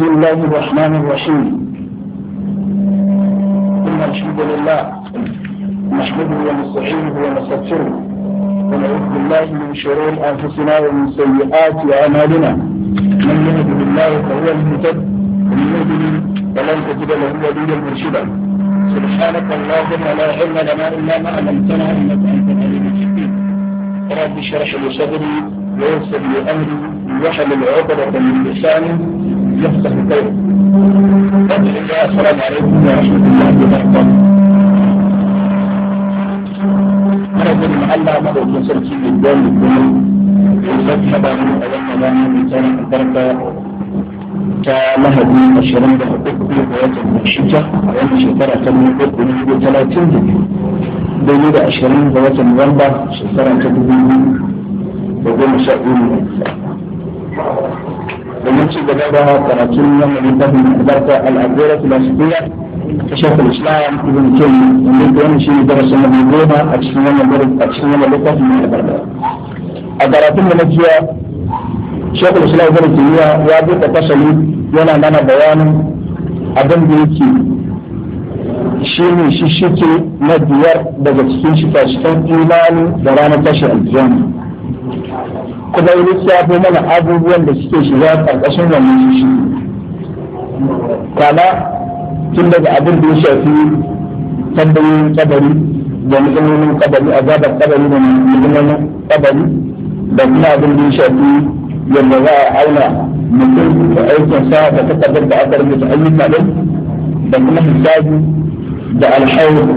بسم الله الرحمن الرحيم إن الحمد لله نحمده ونستعينه ونستغفره ونعوذ بالله من شرور أنفسنا ومن سيئات أعمالنا من يهده الله فهو المهتد ومن يهده فلن تجد له وليا مرشدا سبحانك اللهم لا علم لنا إلا ما علمتنا إنك أنت العليم الحكيم رب اشرح لي صدري ويسر لي أمري وحل العقدة من لساني يفتح البيت السلام عليكم ورحمة الله وبركاته أنا أقول مع الله مرة وصلت في الدول الدول وفتح بانه أولا بانه بيتانا البركة كمهدي الشرم ده أكبر ويات المشيكة ويات شكرة كمهدي أكبر وثلاثين دولة أشهرين دوات الغربة شكرة كبيرة وقوم شاء الله domin ci gaba da karatun wannan littafin albarka al'adura filasifiya ta shekul islam ibn kim wanda wani shi ne darasin na a cikin wannan a cikin wannan littafin albarka a karatun da na jiya shekul islam ya buɗe fasali yana mana bayanin abin yake shi ne shi shike na biyar daga cikin shi cikin imani da ranar tashi aljihani kuma ya lissafo mana abubuwan da suke shiga ƙarƙashin wannan shi kama tun daga abin da ya shafi tambayoyin kabari da matsalolin kabari azabar kabari da matsalolin kabari da kuma abin da ya shafi yadda za a auna mutum da aikinsa da takardar da aka rubuta ayyuka ɗin da kuma hisabi da alhawar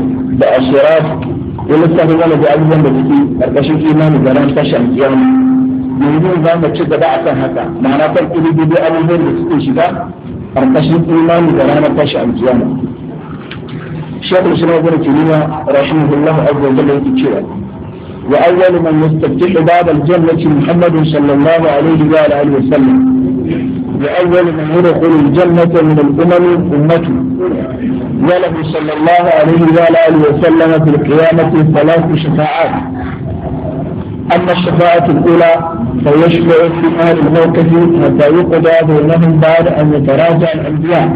da ashirar ya lissafo mana da abubuwan da suke ƙarƙashin imanin garan tashar kiyama yanzu za mu ci gaba a haka ma'ana kan ƙudubi abubuwan da suke shiga ƙarƙashin imani da ranar tashi الاسلام ابن تيميه رحمه الله عز وجل كثيرا واول من يستفتح باب الجنه محمد صلى الله عليه واله وسلم واول من يدخل الجنه من الامم امته وله صلى الله عليه واله وسلم في القيامه ثلاث شفاعات أما الشفاعة الأولى فيشفع في أهل الموقف حتى يقضى بينهم بعد أن يتراجع الأنبياء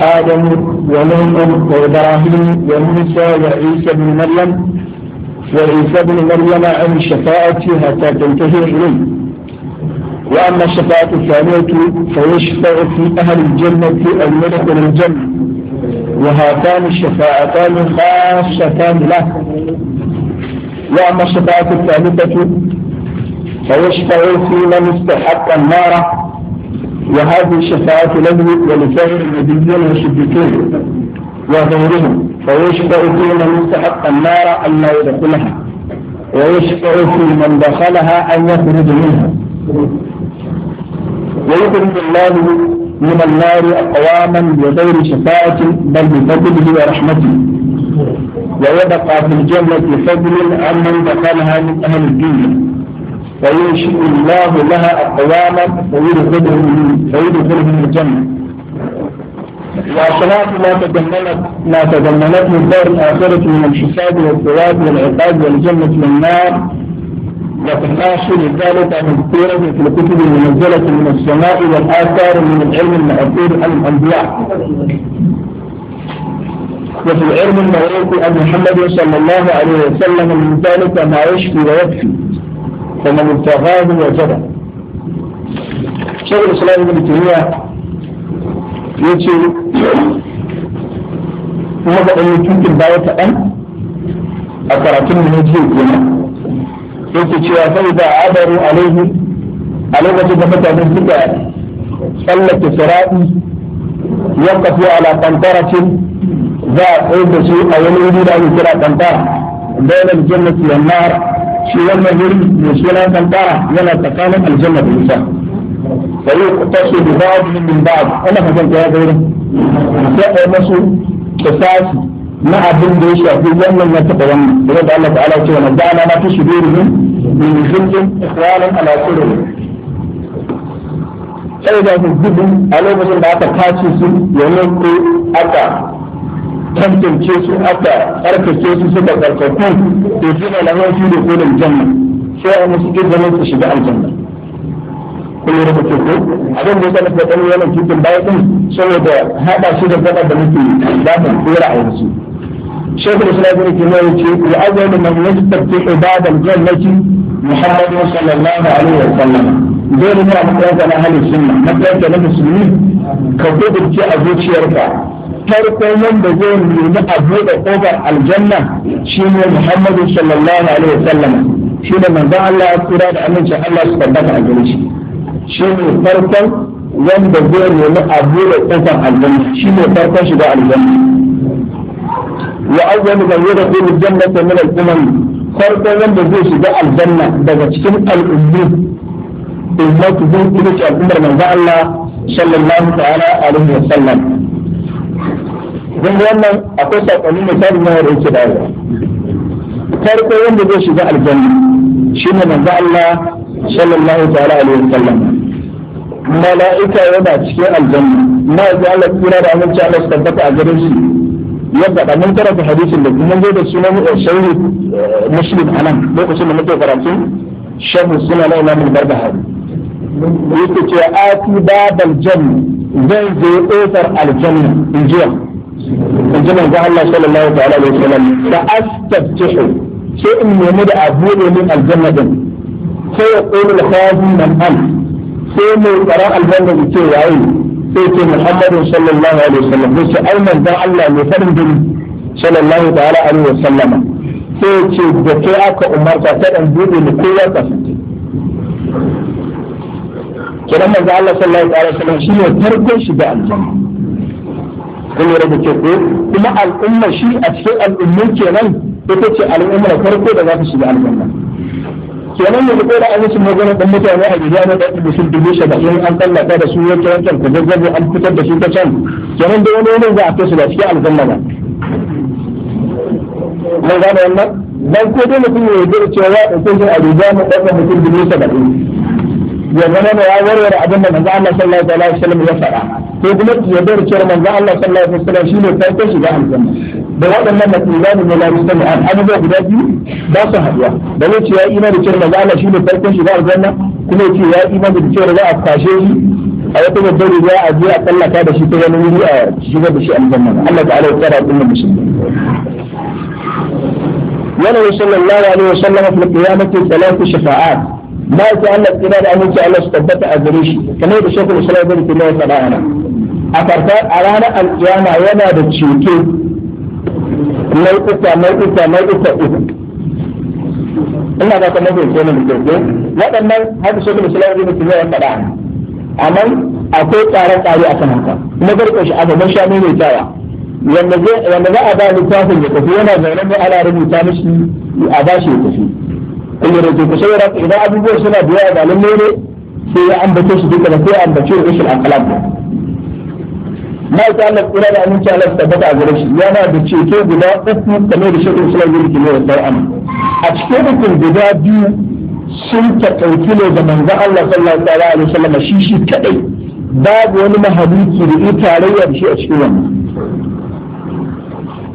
آدم ونوح وإبراهيم وموسى وعيسى بن مريم وعيسى بن مريم عن الشفاعة حتى تنتهي إليه وأما الشفاعة الثانية فيشفع في أهل الجنة أن يدخل الجنة وهاتان الشفاعتان خاصتان له وأما الشفاعة الثالثة فيشفع في من استحق النار وهذه الشفاعة له ولسائر النبيين والصديقين وغيرهم فيشفع في من استحق النار أن لا يدخلها ويشفع في من دخلها أن يخرج منها ويخرج الله من النار أقواما بغير شفاعة بل بفضله ورحمته ويبقى في الجنة فضل عن من دخلها من أهل الدنيا فينشئ الله لها أقواما فيدخلهم فيدخلهم الجنة وصلاة ما تضمنت ما تضمنته الدار الآخرة من الحساب والثواب والعقاب والجنة والنار وتحاشر ذلك مذكورا في الكتب المنزلة من السماء والآثار من العلم المعقول عن الأنبياء وفي العلم المعروف عن محمد صلى الله عليه وسلم من ذلك ما يشفي ويكفي فمن ابتغاه وجده شيخ الاسلام ابن تيميه يجي هذا ان يمكن باية ان اكرتم من يجيب لنا يجي فاذا عبروا عليه على وجه مثلا بدا صلت صراطي يقف على قنطرة za a tsaye da su a wani wuri da ake kira kantara bainar jannati wan nar shi wannan wuri shi na kantara yana tsakanin aljanna da wuta sai ku tashi da ba'd min ba'd ana kasan ta ga wurin sai ai masu kisasi na abin da ya shafi wannan ya taɓa wannan da Allah ta'ala ce wannan dana na fi shudurihim min zulmin ikhwanan ala sirrin sai da su gudu a lokacin da aka kaci su ya ko aka tantance su aka tsarkake su suka tsarkaku da suna lamar su da kodin janna sai a musu zama su shiga aljanna Kuma da rubutu ko abin da sanar na faɗin yanar titin baya ɗin, saboda haɗa shi da gaba da muke zaɓin kora a yanzu shekul islam ibn kimiyya ce ya azama man yastafti ibadal jannati Muhammadu sallallahu alaihi wa sallama. dole ne a matsayinka na halin sunna matsayinka na musulmi ka kudurce a zuciyarka farkon wanda zai nemi a buɗe ƙofar aljanna shine muhammadu sallallahu alaihi wasallam shine manzon Allah ya kura da amincin Allah su tabbata a gare shi shine farkon wanda zai nemi a buɗe ƙofar aljanna shine farkon shiga aljanna wa awwal man yadkhulu al-jannata min al-umam farkon wanda zai shiga aljanna daga cikin al'ummi ummatuhu ita ce al'ummar manzo Allah sallallahu ta'ala alaihi wa sallam dan wannan akwai sakonni mai na yawa da yake dawo farko wanda zai shiga aljanna shine manzo Allah sallallahu ta'ala alaihi wa sallam mala'ika yana cikin aljanna na ji Allah kira da aminci Allah su tabbata a garin shi yadda da mun karanta hadisin da kuma zo da sunan shahih muslim anan lokacin da muke karatu shahu sunan Imam al-Barbahari yake ce ati babal janna zan je ofar aljanna in A in ji manzo Allah sallallahu ta'ala alaihi wasallam fa astaftihu sai in nemi da abu ne min aljanna din sai ya qulu khazin man an sai mai tsaron aljanna ya ce yayi sai ce Muhammadu sallallahu alaihi wasallam ce ai manzo Allah ne farin din sallallahu ta'ala alaihi wasallam sai ce da ke aka umarta ta dan bude ne kowa kasance kenan manzo Allah sallallahu alaihi wasallam shi ne farkon shiga aljanna kun lura da ko kuma al'umma shi a cikin al'ummun kenan ita ce al'ummar farko da za ta shiga aljanna kenan yanzu ko da an musu magana dan mutane a gida na da sun dubu saba'in an tallata da su yanke yanken ka zazzabi an fitar da su ta can kenan da wani wani za a kai su da cikin aljanna ba mun gane wannan dan ko dole kun yi da cewa ya dauke shi a gida na da mutum dubu saba'in ya zama da ya warware abin da manzo Allah sallallahu alaihi wasallam ya faɗa ko kuma ya bar cewa manzo Allah sallallahu alaihi wasallam shine farkon shiga aljanna da waɗannan matsalan da la yusami an abubuwa guda biyu ba su haɗuwa da ne ya imani cewa manzo Allah shine farkon shiga aljanna kuma ce ya imani da cewa za a kwashe shi a wata babbar riga a je a tsallaka da shi ta wani wuri a shigar da shi aljanna Allah ta'ala ya tsara kullum musulmi ولو صلى الله عليه وسلم في القيامة ثلاث شفاعات ba ki Allah kira da aminci Allah su tabbata a gare shi kamar da shekul islam bin kuma ya faɗa ana a farka a ranar alkiyama yana da cike nau'uka nau'uka nau'uka uku ina ba ka mafi ke nan da ke waɗannan haka shekul islam bin kuma ya faɗa ana amma akwai tsare-tsare a kan haka na farko shi a gaban shanu mai tawa wanda za a ba littafin ya tafi yana zaune ne ana rubuta mishi a ba shi ya tafi in yare ku saboda idan abubuwan suna da yawa ba lalle sai ya ambace su duka da sai ambace rashin akalam mai ta Allah kira da aminci Allah tabbata a gare shi yana da ceto guda uku kamar da shekul islam yake ne da sai a cikin rukun guda biyu sun ta ɗauki ne da manzon Allah sallallahu alaihi wasallam shi shi kadai babu wani mahaluki da ita tarayya da shi a cikin wannan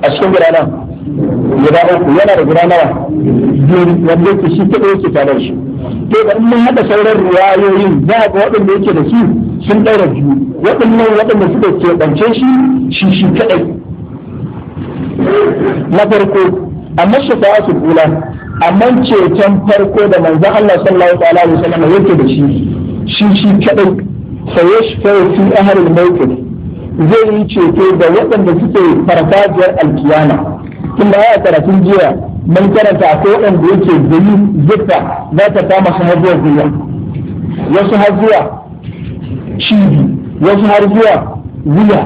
a cikin gudanar guda uku yana da guda nawa biyu wanda yake shi kaɗai yake tare da shi to da mun haɗa sauran riwayoyin za a ga waɗanda yake da su sun ɗaura biyu waɗannan waɗanda suka keɓance shi shi shi kaɗai na farko amma shafa'a su kula amma ceton farko da manzon Allah sallallahu alaihi wasallam yake da shi shi shi kaɗai sayashfa'u fi ahlil mawqif zai yi ceto da waɗanda suke farfajiyar alkiyama tun da ya karatun jiya mun karanta akwai waɗanda yake gani zuffa za ta kama su har zuwa gwiwa wasu har zuwa cibi wasu har zuwa wuya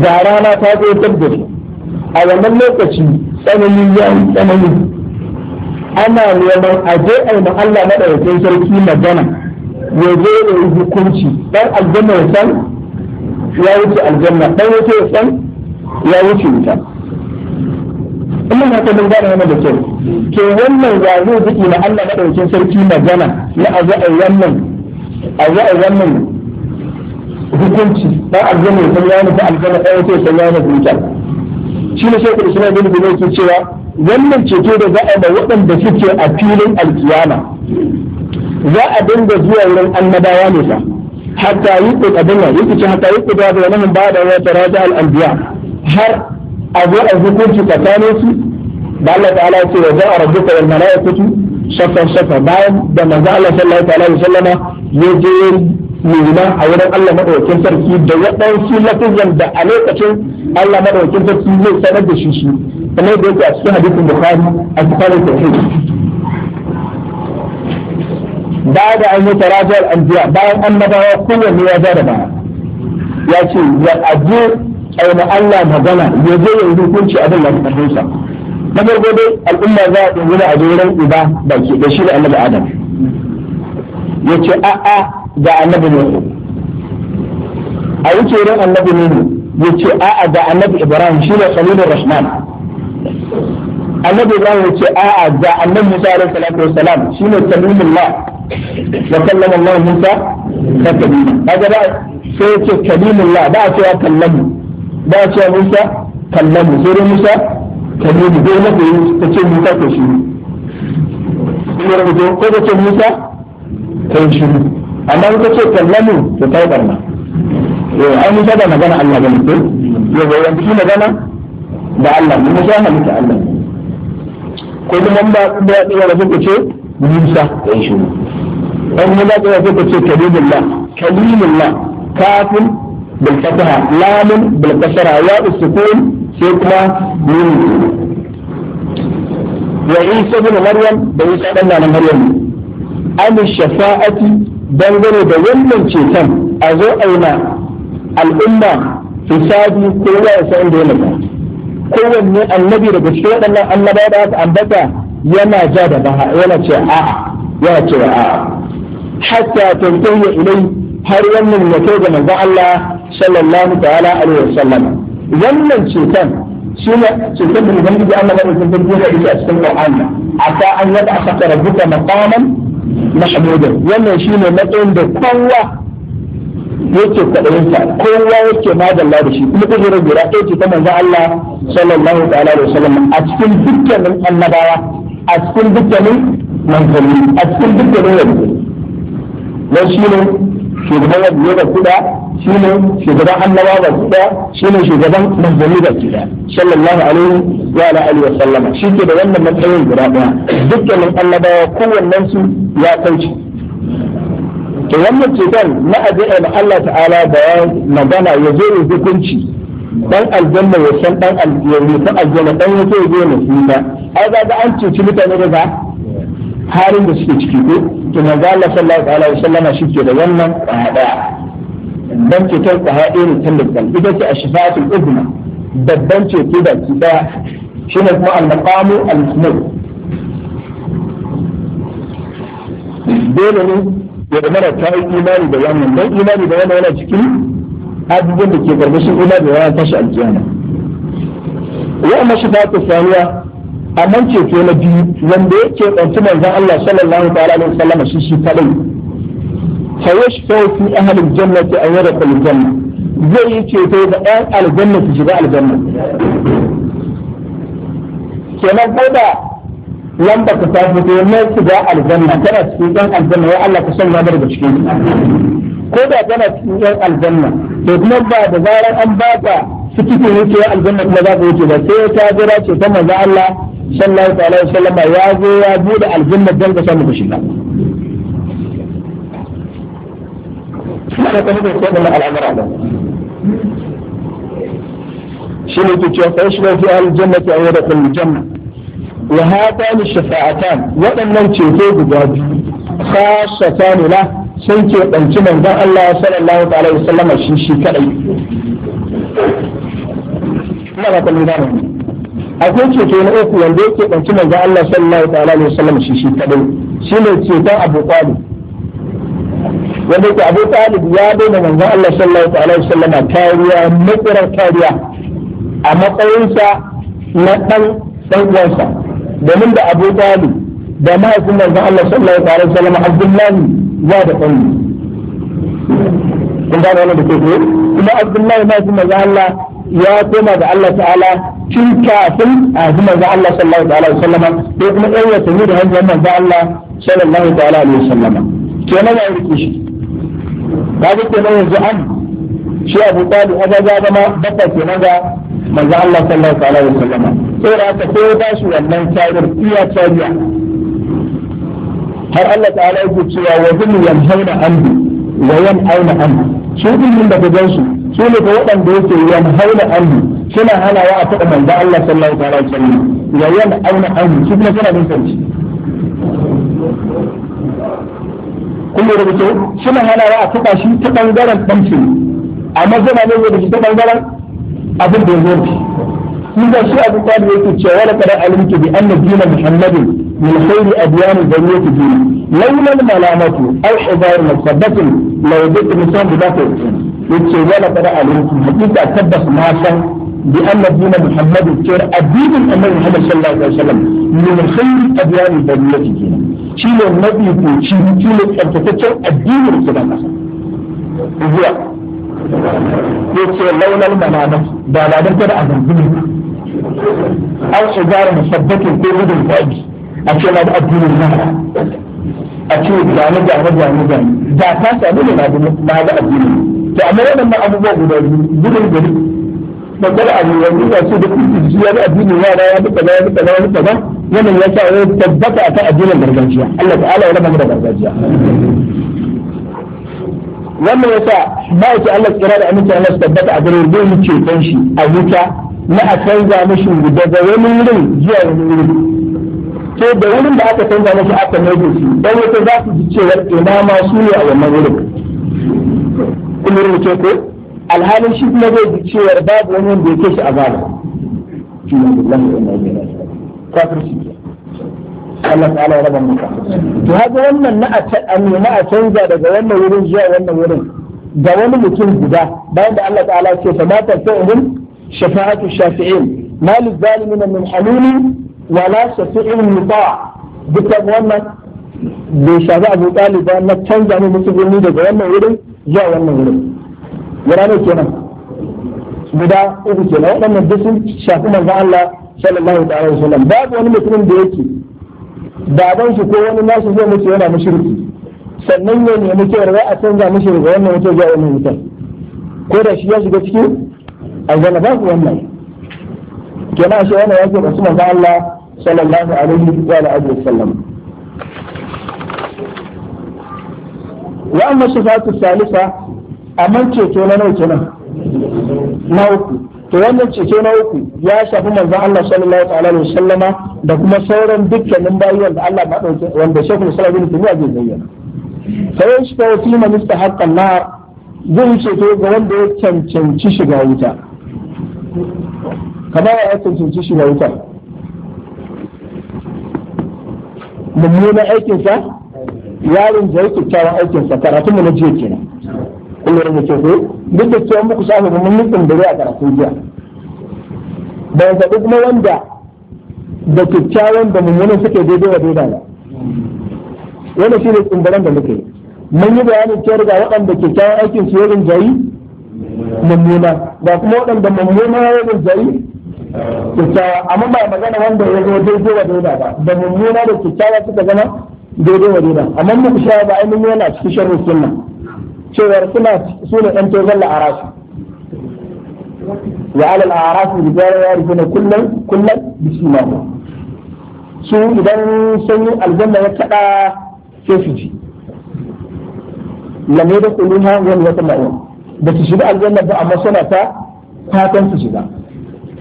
ga rana ta tsaye tabbari a wannan lokaci tsananin ya yi tsanani ana neman a je a yi Allah maɗaukakin sarki magana ya je ya yi hukunci ɗan aljanna ya san ya wuce aljanna ɗan wuce ya san ya wuce wuta ina ya ta dangana yana da kyau ke wannan ya zai na Allah madaukin sarki magana na a za'a wannan a wannan hukunci da aljanna ya ya nufi aljanna sai sai san ya nufi wuta shi ne sai kuma suna bin gudun ke cewa wannan ceto da za a da waɗanda suke a filin alkiyama za a dinga zuwa wurin annabawa ne fa hatta yi ƙoƙarin ya yake cewa hatta yi ƙoƙarin ya nan ba da wata raja al'anbiya har a zo a hukunci tsakanin su da Allah ta'ala ce wa za'a rabbuka wal mala'ikatu saffan saffa bayan da manzo Allah sallallahu alaihi wasallama ya je nuna a wurin Allah madaukakin sarki da waɗansu lafizan da a lokacin Allah madaukakin sarki zai sanar da shi shi kamar da yake a cikin hadisin Bukhari a kitabul tauhid بعد أن يتراجع الأنبياء بعد أن نبغى ba. Ya ce يأتي والأجير aina Allah magana ya zo ya yi hukunci abin da ka sa na farko dai al'umma za a dingina a wurin uba baki da shi da annabi Adam ya ce a'a ga annabi Nuhu a wuce wurin annabi Nuhu ya ce a'a ga annabi Ibrahim shi ne Khalilur Rahman annabi Ibrahim ya ce a'a ga annabi Musa alaihi salatu wassalam shi ne Kalimullah وكلم الله ba تكليما هذا بقى سيد كليم الله بقى سوى كلمه ba ce Musa kallamu sai dai Musa kalimu dai na koyi ta ce Musa ko shiru. kuma rubuto ko ta ce Musa kai shi amma ka ce kallamu ta kai barna eh ai Musa da magana Allah bane ko yau yayin shi magana da Allah Musa na mutu Allah ko kuma ba da ya tsaya da ku ce Musa kai shi dan mu da ya ce kalimullah kalimullah kafin بالفتحة لام بالكسرة ياء السكون سكنة من وعيسى بن مريم بعيسى بن مريم عن الشفاعة dangane da wannan ceton a zo aina al'umma hisabi kowa ya san da yana kowanne annabi daga cikin waɗannan annaba da aka ambata yana ja da baha ce a'a yana ce a'a hatta tantahiya ilai har wannan ya manzon Allah sallallahu ta'ala alaihi wasallam wannan ceton shi ne ceton da ubangiji Allah ba da sarki ya yi a cikin Qur'ani aka an yaba aka rabbuka maqaman mahmudan wannan shi ne matsayin da kowa yake kwaɗayin sa kowa yake madalla da shi kuma kujerar gura ɗaya ce ta manzo Allah sallallahu ta'ala alaihi wasallam a cikin dukkanin annabawa a cikin dukkanin manzanni a cikin dukkanin wani dan shi ne shugaban wanda da kuda shi ne shugaban annaba ba guda shi ne shugaban manzanni ba guda sallallahu alaihi wa ala alihi wa sallama shi ke da wannan matsayin guda daya dukkanin annabawa kowannen su ya kauce to wannan cutar na addu'a Allah ta'ala da ya magana ya zo ya hukunci dan aljanna ya san dan aljanna san aljanna dan ya zo ya nasiba ai ga an cuci mutane ba, halin da suke ciki ko to manzo Allah sallallahu alaihi wa sallama shi ke da wannan daya babban ceton tsahairin tallafin ita ce a shifa'atul uzma babban ceto da ki daya shi ne kuma al-maqamu al-musnad dole ne ya da mara ta imani da wannan dan imani da wannan yana cikin abubuwan da ke karkashin imani da yana tashi aljihana wa'amma shifa'atul saniya amma ceto na biyu wanda yake ɗauki manzon Allah sallallahu ta'ala alaihi wasallam shi shi kadai fa yashfa'u fi ahli al-jannati an yadkhulu al-janna zai yi ceto ga ɗan aljanna su shiga aljanna kenan ko da lamba ka ta fito na shiga aljanna tana cikin ɗan aljanna ya Allah ka sanya mu daga cikin ko da tana cikin ɗan aljanna to kuma ba da zarar an ba ka cikin wuce aljanna kuma za ka wuce ba sai ta ce ta Allah ya zo ya bude aljanna dan ka samu shiga ana ta hukunta waɗannan al'amura ba shi ne ke cewa fa shiga fi aljanna ta yi ayyada kun janna wa hatani shafa'atan waɗannan ceto guda biyu khasatan la sun ke ɗauki manzon Allah sallallahu alaihi wasallam shi shi kadai ina ba ta nuna akwai ceto na uku wanda yake ɗauki manzon Allah sallallahu alaihi wasallam shi shi kadai shine ceton Abu Talib wanda ke abu talib ya daina manzon Allah sallallahu alaihi wasallam kariya matsarar kariya a matsayinsa na dan dan uwansa domin da abu talib da mahaifin manzon Allah sallallahu alaihi wasallam Abdullahi ya da ɗan kun gane wannan da ke ko kuma Abdullahi mahaifin manzon Allah ya koma da Allah ta'ala tun kafin a ji manzon Allah sallallahu alaihi wasallam ko kuma ɗan watanni da hanyar manzon Allah sallallahu alaihi wasallam kenan ya rike shi ka ga kenan yanzu an shi Abu Talib haka ya zama baka kenan ga manzo Allah sallallahu alaihi wasallam saboda haka sai ba shi wannan tsarin iya tsariya har Allah ta'ala yake cewa wa hum yanhauna anhu wa yan'auna anhu su din da ka gansu su ne ga waɗanda yake yan yanhauna anhu suna halawa a faɗa manzo Allah sallallahu alaihi wasallam wa yan'auna anhu shi kuma suna bin sarki kun da kyau suna hanawa a taɓa shi ta ɓangaren ɗanci amma zana ne da shi ta ɓangaren abin da ya zo kun ga shi abu kwari ce cewa la kada alimtu bi anna dina muhammadin min khairi adyan al-bariyati dini laula al-malamatu aw hidar musabbatin law bi'tu musan bi dafa yace wa la kada alimtu hakika tabbas na san bi anna dina muhammadin cewa addinin annabi muhammad sallallahu alaihi wasallam min khairi adyan al-bariyati dini shi ne mabibuci shi ne tsarkakaccen addinin su da kasa zuwa ya ce launar malamat ba ladan kada a zanzini an musabbatin ko gudun daji a ce na da addinin lahara a ce gane gane gane gane da ta samu ne na da addinin to amma waɗannan abubuwa guda biyu gudun gari babbar abu wani, ya ce da kuma addini yara ya bi kaza ya bi kaza ya bi kaza wannan ya sa ya tabbata addinin gargajiya Allah ta'ala ya mu da gargajiya wannan ya sa ba ya ce Allah tsira da aminci Allah su tabbata a garin zai yi ceton shi a wuta na a canza mishi daga wani wurin zuwa wani wurin Ko da wurin da aka canza mashi aka mai shi dan wata za su ji cewa imama su ne a wannan wurin kullum ce ko alhalin shi kuma zai ji cewa babu wani wanda yake shi azaba inna lillahi wa inna ilaihi raji'un kafirci Allah ta'ala ya raba muka to haka wannan na a nemi a canza daga wannan wurin zuwa wannan wurin ga wani mutum guda bayan da Allah ta'ala ce fa mata sa'idin shafa'atu shafi'in malil zalimin min haluli wala shafi'in muta dukkan wannan bai shafi abu ɗaliba na canza ne musu daga wannan wurin zuwa wannan wurin guda ne kenan guda uku kenan waɗannan duk sun shafi manzon Allah sallallahu wa wasallam babu wani mutumin da yake baban shi ko wani nasu zai mace yana mushriki sannan ya nemi cewar za a canza mishi daga wannan wutar zuwa wannan mutum ko da shi ya shiga cikin aljanna ba ku wannan kenan shi wannan yake da sunan Allah sallallahu alaihi wa alihi wasallam shi الصفات salisa. amma ceto na nauke nan na uku to wannan ceto na uku ya shafi manzon Allah sallallahu alaihi wasallama da kuma sauran dukkanin bayi da Allah madauke wanda wanda Sheikh Musa bin Tumiya zai bayyana sai shi ko fi man istahaqqa na, zai ceto ga wanda ya cancanci shiga wuta kamar ya cancanci shiga wuta Mummuna aikinsa yarin zai kyakkyawan aikinsa karatunmu na jiya kenan kullum da ke ko duk da cewa muku shafa mun mun tambare a karatun jiya ba ya faɗi kuma wanda da kyakkyawan da mummunan suke daidai wa daidai ba wannan shi ne tsumbaran da muke mun yi bayani cewa ga waɗanda kyakkyawan aikin su yarin jayi mummuna ba kuma waɗanda mummuna yarin jayi kyakkyawa amma ba magana wanda ya zo daidai wa daidai ba da mummuna da kyakkyawa suka gana daidai wa daidai amma muku shafa ba ainihin yana cikin sharrin sunna cewar suna sune ɗan tozon la'arasu wa alal arasu rijalar ya rufe na kullum kullum bisimahu su idan sanyin aljanna ya kaɗa sai su ji lamai da kuluna wani wata ma'un ba su shiga aljanna ba amma suna ta fatan su shiga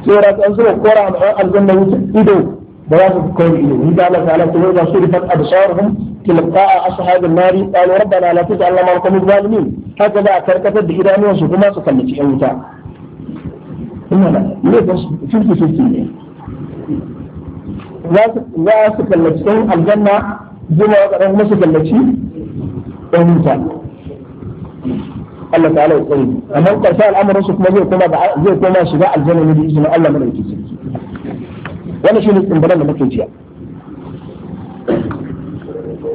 sai ra an zuwa kora ma'un aljanna wuce ido بيان قوله قال تعالى تقول صرفت أبصارهم تلقاء أصحاب النار قالوا ربنا لا تجعل لنا القوم الظالمين هكذا أكركت بإيران وسكما تكلت أوتا إنما ليس فلتي فلتي لا تكلت الجنة زي رغم ما تكلت أوتا Allah ta'ala ya tsare amma ƙarshe al'amarin su kuma zai koma كما koma shiga aljanna ne من izinin Allah madaukakin wannan shine tsimbaran da muke jiya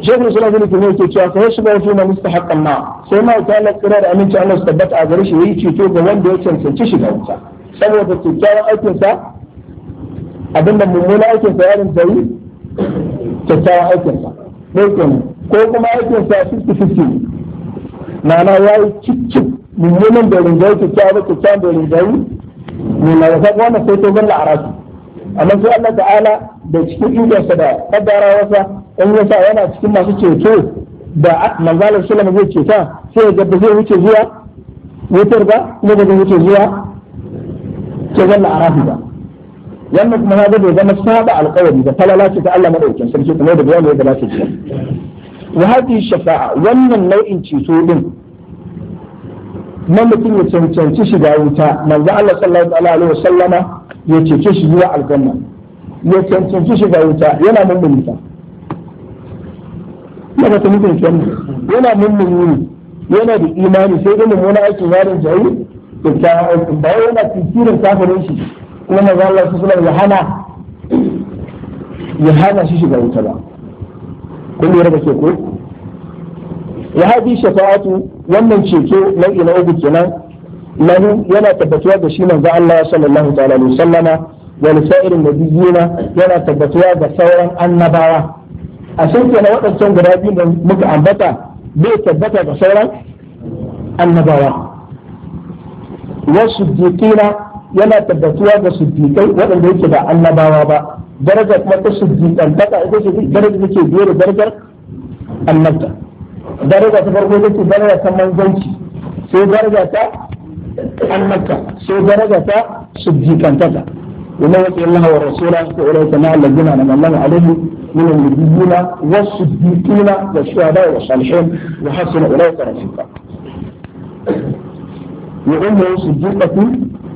shekul suna bin kuma yake cewa sai shi ba shi na mustahaqqan ma sai ma ta Allah kira da aminci Allah su tabbata a gare shi yayi ceto ga wanda ya cancanci shiga wuta saboda kyakkyawan aikin sa abin da mummuna aikin sa yarin tayi kyakkyawan aikin sa ko kuma aikin sa 50 na ya yi cikin mummunan da rinjayi kyakkyawan kyakkyawan da rinjayi ne na wasa wannan sai to galla a amma sai Allah ta'ala da cikin ikonsa da kaddarawarsa in ya sa yana cikin masu ceto da manzalar sallama zai ceta sai ga ba zai wuce zuwa wutar ba kuma ba zai wuce zuwa ke zalla a rafi ba wannan kuma na bai zama saba alƙawari da falala ce ta Allah madaukakin sarki kuma da bayani da lafiya ce wa hadi shafa'a wannan nau'in ceto din na mutum ya cancanci shiga wuta manzo Allah sallallahu alaihi wa sallama ya cece shi zuwa aljanna ya cancanci shiga wuta yana wuta ya ga ta mutum kenan yana wuri yana da imani sai dai mummuna aikin yaron jayi da ta aikin ba yana tsirin kafirin shi kuma maza Allah su suna ya hana ya hana shi shiga wuta ba kun lura da ke ko ya haɗi shafa'atu wannan ceto nau'i na uku kenan lahu yana tabbatuwa da shi manzo Allah sallallahu ta'ala alaihi wasallama wa lisairin nabiyina yana tabbatuwa da sauran annabawa a sun kenan waɗancan guda biyu da muka ambata bai tabbata sauran annabawa yana tabbatuwa ga siddiƙai waɗanda yake ba annabawa ba darajar kuma ta siddiƙantaka ita ce darajar da ke biye da darajar annabta daraja ta farko ita ce daraja ta manzanci sai daraja ta عن مكة سو درجة صديقا jikantata وما يطع الله ورسوله وأولئك ما الذين انعم الله عليهم من النبيين والصديقين والشهداء والصالحين وحسن اولئك رفيقا. وامه صديقه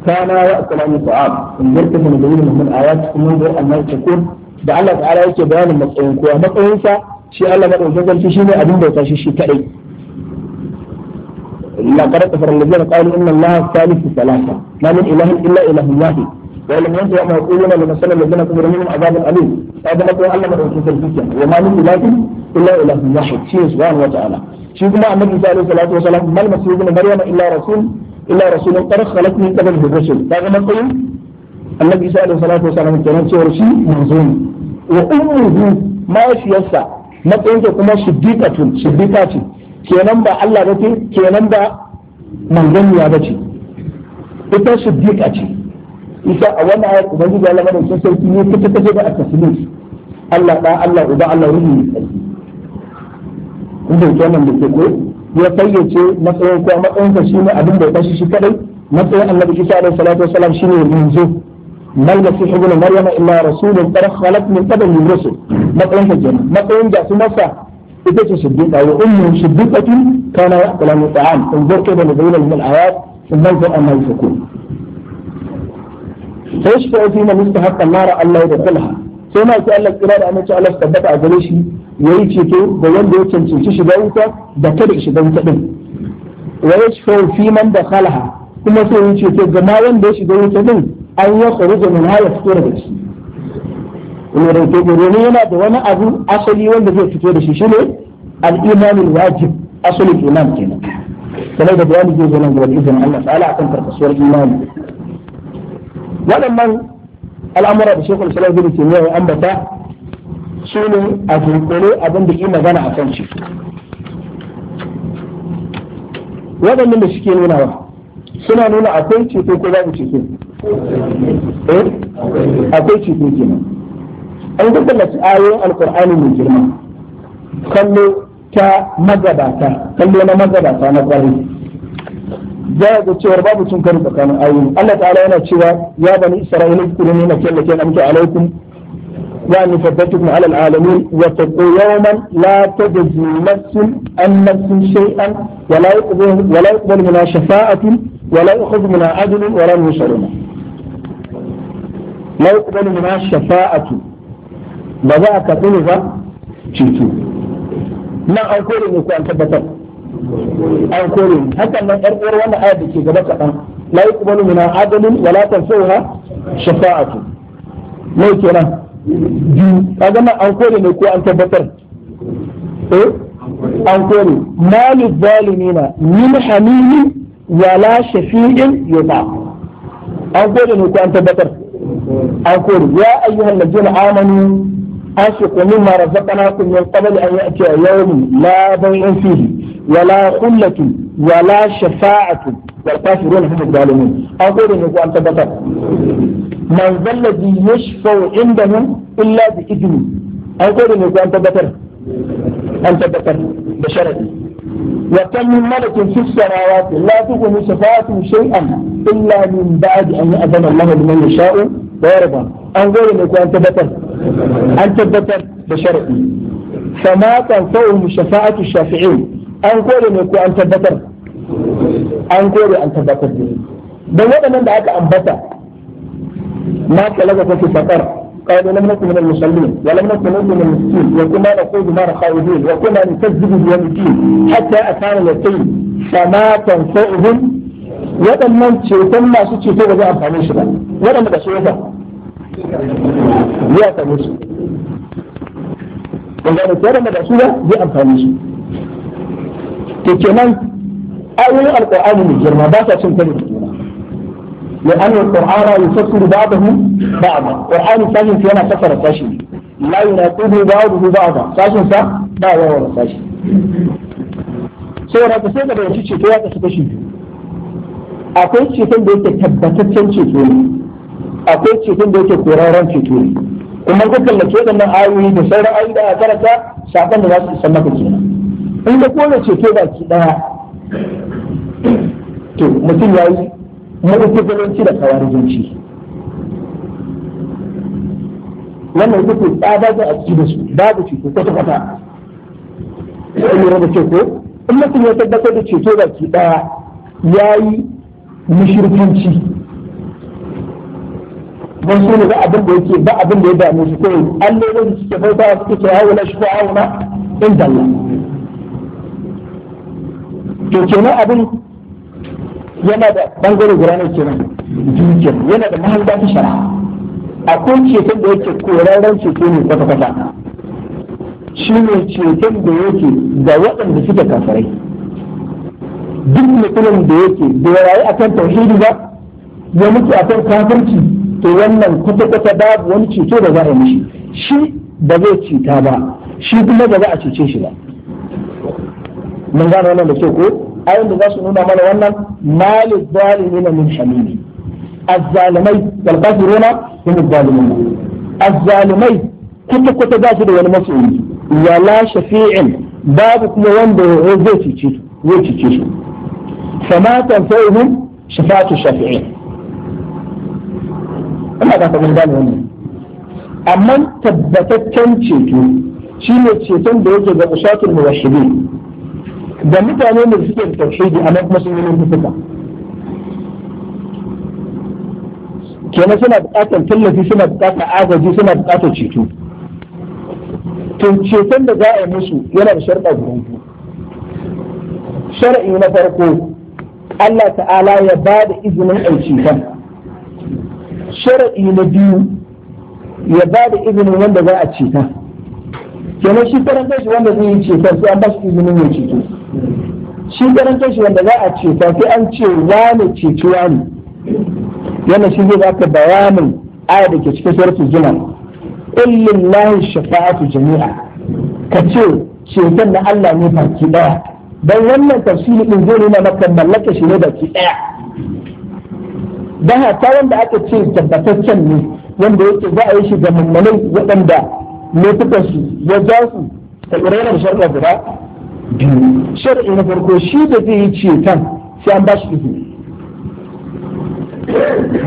كان ياكل عن الطعام انزلت من دليل من آيات منذ ان تكون da Allah ta'ala بيان bayanin matsayin kowa شيء الله Allah madaukakin sarki شيء abin bauta شيء shi kadai إلا قد كفر الذين قالوا إن الله ثالث ثلاثة ما من إله إلا إله واحد ولم ينتهي ما يقولون لمثل الذين كفروا منهم عذاب أليم هذا ما تقول الله مدعو في الفتن وما من إله إلا إله واحد شيء سبحانه وتعالى شيء كما النبي عليه الصلاة والسلام ما المسيح ابن مريم إلا رسول إلا رسول قد خلت من قبله الرسل هذا ما تقول النبي عليه الصلاة والسلام كان شيء منظوم وأمه ما في يسع ما تقول كما صديقة صديقة kenan ba Allah ba ce kenan ba manganiya ba ce ita siddiqa ce isa a wannan ayat ubangiji Allah sun sarki ne kuta kaje da at-taslim Allah da Allah uba Allah ruhi ne sarki kun da kenan da ke ko ya fayyace matsayin ko matsayin ka shine abin da ya tashi shi kadai matsayin bi Isa alaihi salatu wasalam shine manzo mal masih ibn maryama illa rasulun qad khalat min qabli rusul matsayin ka kenan matsayin da su masa فتيت صديقة وأمه صديقة كان يأكل الطعام انظر كيف نزول من الآيات ثم انظر أما الحكم فيشفع فيما مستحق النار أن لا يدخلها ثم يتألى الإرادة أن يتألى استبقى عدليشي ويأتي تو ويأتي تو ويأتي تو شباوتا ذكر شباوتا دم ويشفع فيما دخلها ثم يأتي تو جماعا ويأتي تو أن يخرج من هاي فتورة بيشي kuma da ke domin yana da wani abu asali wanda zai fito da shi shine al-imanul wajib asalin iman kenan kamar da bayani zai zo nan gaba izinin Allah ta'ala akan karkasuwar imani waɗannan al'amura da shekul salam bin taymiya ya ambata su ne a dunkule abin da yi magana a kan shi waɗannan da suke nuna wa suna nuna akwai ceto ko babu ceto eh akwai ceto kenan an tattallaci ayoyin alkur'ani mai girma kallo ta magabata kallo na magabata na kwarai za ga cewar babu cin karo tsakanin ayoyi Allah ta'ala yana cewa ya bani isra'ila kuru ne na kallake na muke alaikum wa an faddatukum ala alamin. wa taqu yawman la tajzi nafsun an nafsun shay'an wa la yuqbalu wa la yuqbalu minha shafa'atun wa la yu'khadhu minha adlun wa la yunsaruna la yuqbalu minha shafa'atun ba za a karɓi ne ba ceto nan an kore ne ko an tabbatar an kore ne hakan nan ɗan uwar wannan ayar da ke gaba kaɗan la yuqbalu min adalin wa la tanfa'uha shafa'atu mai kenan biyu kaga nan an kore ne ko an tabbatar eh an kore malil zalimina min hamimin wala shafi'in yuta an kore ne ko an tabbatar an kore ya ayyuhal ladina amanu أنفقوا مما رزقناكم من قبل أن يأتي يوم لا بيع فيه ولا خلة ولا شفاعة والكافرون هم الظالمون أقول إنكم أنت بطل من ذا الذي يشفع عنده إلا بإذنه أقول إنكم أنت بطل أنت بطل بشرتي وكم من ملك في السماوات لا تغني شفاعتهم شيئا إلا من بعد أن يأذن الله لمن يشاء ويرضى أنظر إنكم وأنت بطل an tabbatar da sharaɗi fama tanfa'uhum shafa'atu shafi'in an kore ne ko an tabbatar an kore an tabbatar don waɗannan da aka ambata ma kalaga ta fi fatar قالوا لم نكن من المصلين ولم نكن نؤمن المسكين وكنا نقول ما خائبين وكنا نكذب بيوم الدين حتى اتانا اليقين فما تنفعهم waɗannan ceton masu ceto ba za a amfane shi ba waɗanda ba su yi ba ya same su kun gane ko da su ba zai amfani su to kenan ayoyin alqur'ani ne girma ba sa cin karo da juna لأن القرآن يفسر بعضه بعضا القرآن ساشن فينا سفر ساشن لا يناقض بعضه بعضا ساشن سا با ولا ساشن saboda ka sai ka bayanci ceto ya kasu kashi biyu akwai ceton da yake tabbataccen ceto ne akwai cikin da yake koraren ceto ne kuma ka kallace nan ayoyi da sauran ayoyi da aka karanta sakon da za su isa maka kenan in ka kone ceto baki daya to mutum ya yi ci da kawarijinci wannan ita ce tsada da a ciki da su babu ceto kwata kwata sai lura da ceto in mutum ya tabbatar da ceto baki daya ya yi mushirkanci dan su ne ba abin da yake ba abin da ya dame su kawai allolin da suke bauta suke cewa wala shafa'una inda Allah to kenan abin yana da bangare guda ne kenan dukiyar yana da mahanga ta shara akwai ceton da yake koraren ceto ne kwata-kwata shi ne ceton da yake ga waɗanda suke kafirai duk mutumin da yake da ya rayu akan tauhidi ba ya mutu akan kafirci to wannan kwata-kwata babu wani cuto da za a yi mishi shi ba zai cuta ba shi kuma ba za a cuce shi ba mun gane wannan da ke ko ayin da za su nuna mana wannan malin na min shamimi azzalimai wal min hum azzalimai kwata kwata za su da wani masoyi Yala shafi'in babu kuma wanda zai cice zai cuce su fama tanfa'uhum shafa'atu shafi'in ina ba ka mun gane wannan amma tabbataccen ceto ne ceton da yake ga usatul muwahhidin da mutane ne suke da tauhidi amma kuma sun yi laifuka kenan suna buƙatar tallafi suna buƙatar agaji suna buƙatar ceto to ceton da za a yi musu yana da sharɗa guda shar'i na farko Allah ta'ala ya ba da izinin aiki kan sharaɗi na biyu ya ba da izinin wanda za a ceta kenan shi karan kashi wanda zai yi ceta sai an ba shi izinin ya ceto shi karan kashi wanda za a ceta sai an ce wane ceci wane yana shi zai baka bayanin aya da ke cikin suratul zumar Lahi shafa'atu jami'a ka ce ceton na Allah ne baki daya dan wannan tafsiri din zai nuna maka mallaka shi ne baki daya don hata wanda aka ce tabbataccen ne wanda yake za a yi shiga ga mummunai waɗanda laifukan su ya ja su ta iranar shari'a guda biyu shari'a na farko shi da zai yi ceton sai an ba shi izini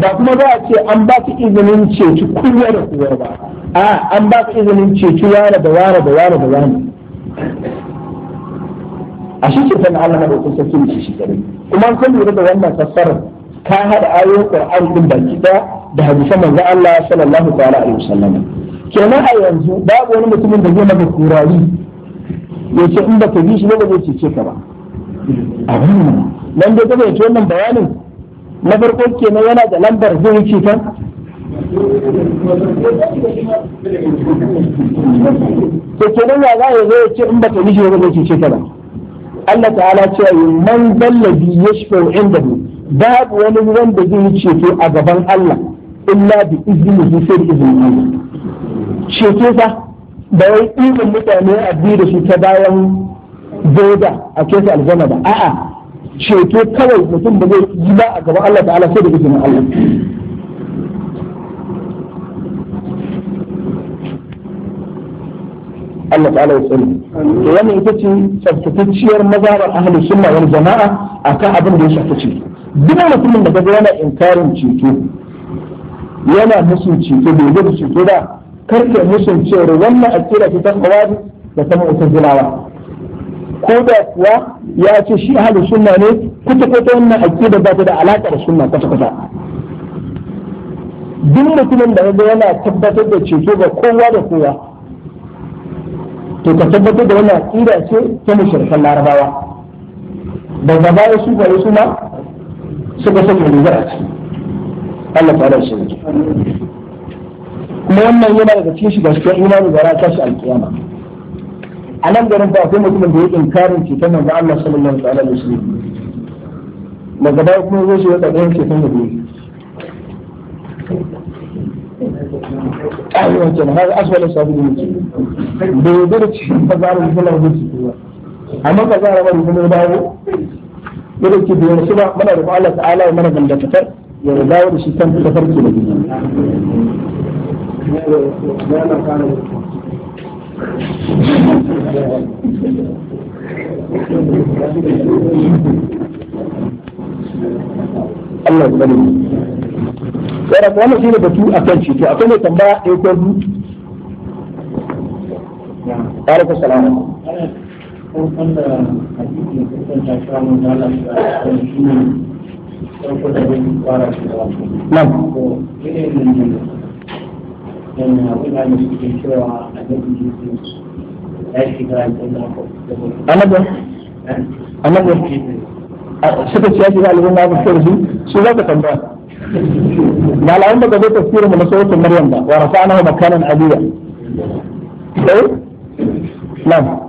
ba kuma za a ce an ba ka izinin ceci kowa da kowa ba a an ba ka izinin ceci wane da wane da wane da wani. a shi ceton Allah na ɗaukar sarki da shi shi kuma an kan lura da wannan fassarar ka hada ayoyin Qur'ani din baki da da hadisan manzo Allah sallallahu ta'ala alaihi wasallam kenan a yanzu babu wani mutumin da zai maka kurari ya ce in baka bi shi ne ba zai cece ka ba abin nan da kaga yace wannan bayanin na farko kenan yana da lambar zai wuce ta to kenan ya za ya zo ya ce in baka bi shi ne ba zai cece ka ba Allah ta'ala ce man dallabi da indahu babu wani wanda zai yi ceto a gaban Allah illa bi iznihi sai izinin Allah ceto fa da wai izin mutane a biyu da su ta bayan boda a kesa aljanna ba a'a ceto kawai mutum ba zai yi ba a gaban Allah ta'ala sai da izinin Allah Allah ta'ala ya tsari. to wannan ita ce tsaftatacciyar mazhabar ahlus sunna wal jama'a akan abin da ya shafi ce duk mutumin da kaga yana inkarin ceto yana musun ceto bai gudu ceto ba kar karke musun cewa wannan akida ce ta kawari da ta mu'tazilawa ko da kuwa ya ce shi ahlus sunna ne kuta kuta wannan akida ba ta da alaƙa da sunna kwata kwata duk mutumin da kaga yana tabbatar da ceto ga kowa da kowa to ka tabbatar da wannan aqida ce ta mushrikan larabawa gaba ya su bare su ma suka sake rigar a ciki Allah ta da shi kuma wannan yana daga cikin shiga cikin imani da rata shi alkiyama a nan garin ba akwai mutumin da ya inkarin ceton manzo Allah sallallahu alaihi wasallam daga baya kuma zai shi wata ɗayan ceton da biyu ƙarewa kenan har aswala sabu da yake da ya dara cikin bazarar musulman hukunci amma bazarar mara kuma dawo ya dauke da yana ba mana da Allah ta'ala ya mana dangantakar ya dawo da shi kan tafarki da biyu Allah ya Yara kuma shi ne batu a kan ceto akwai mai tambaya ɗaya ko biyu. Alaikum salam. Wanda hadisi ya kusanta kira mun lalata a kan shi ne farko da bai fara shi da wasu. Nan. Ko irin أنا أنا suka ci yaji malamin na fuskar su su za ka tambaya malamin daga zai tafsirin mu na sautin maryam ba wa rafa'ana makanan aliya eh na'am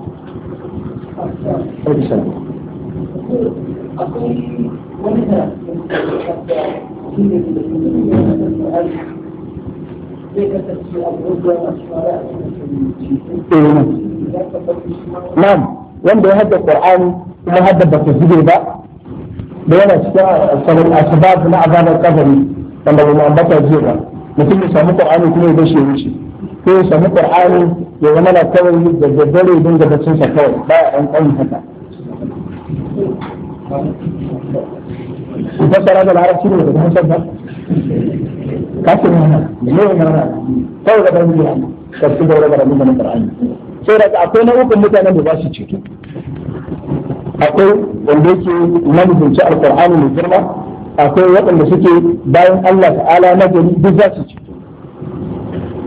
نعم wanda ya hadda Qur'ani kuma hadda ba ta zube ba da yana cikin sabon asbab na azabar kabari wanda ba mu ambata jiya ba mutum ya samu qur'ani kuma ya bashi ya wuce ko ya samu qur'ani ya zama na kawai da daddare don da bacin sa kawai ba ya ɗan ɗan haka fassara da larabci ne da kuma sabba kafin mana ne ne mana kawai da ɗan jiya kafin da wani da na qur'ani sai da akwai uku mutanen da ba su ceto akwai wanda yake manhunci alkur'ani mai girma akwai waɗanda suke bayan Allah ta'ala na gari duk za su ceto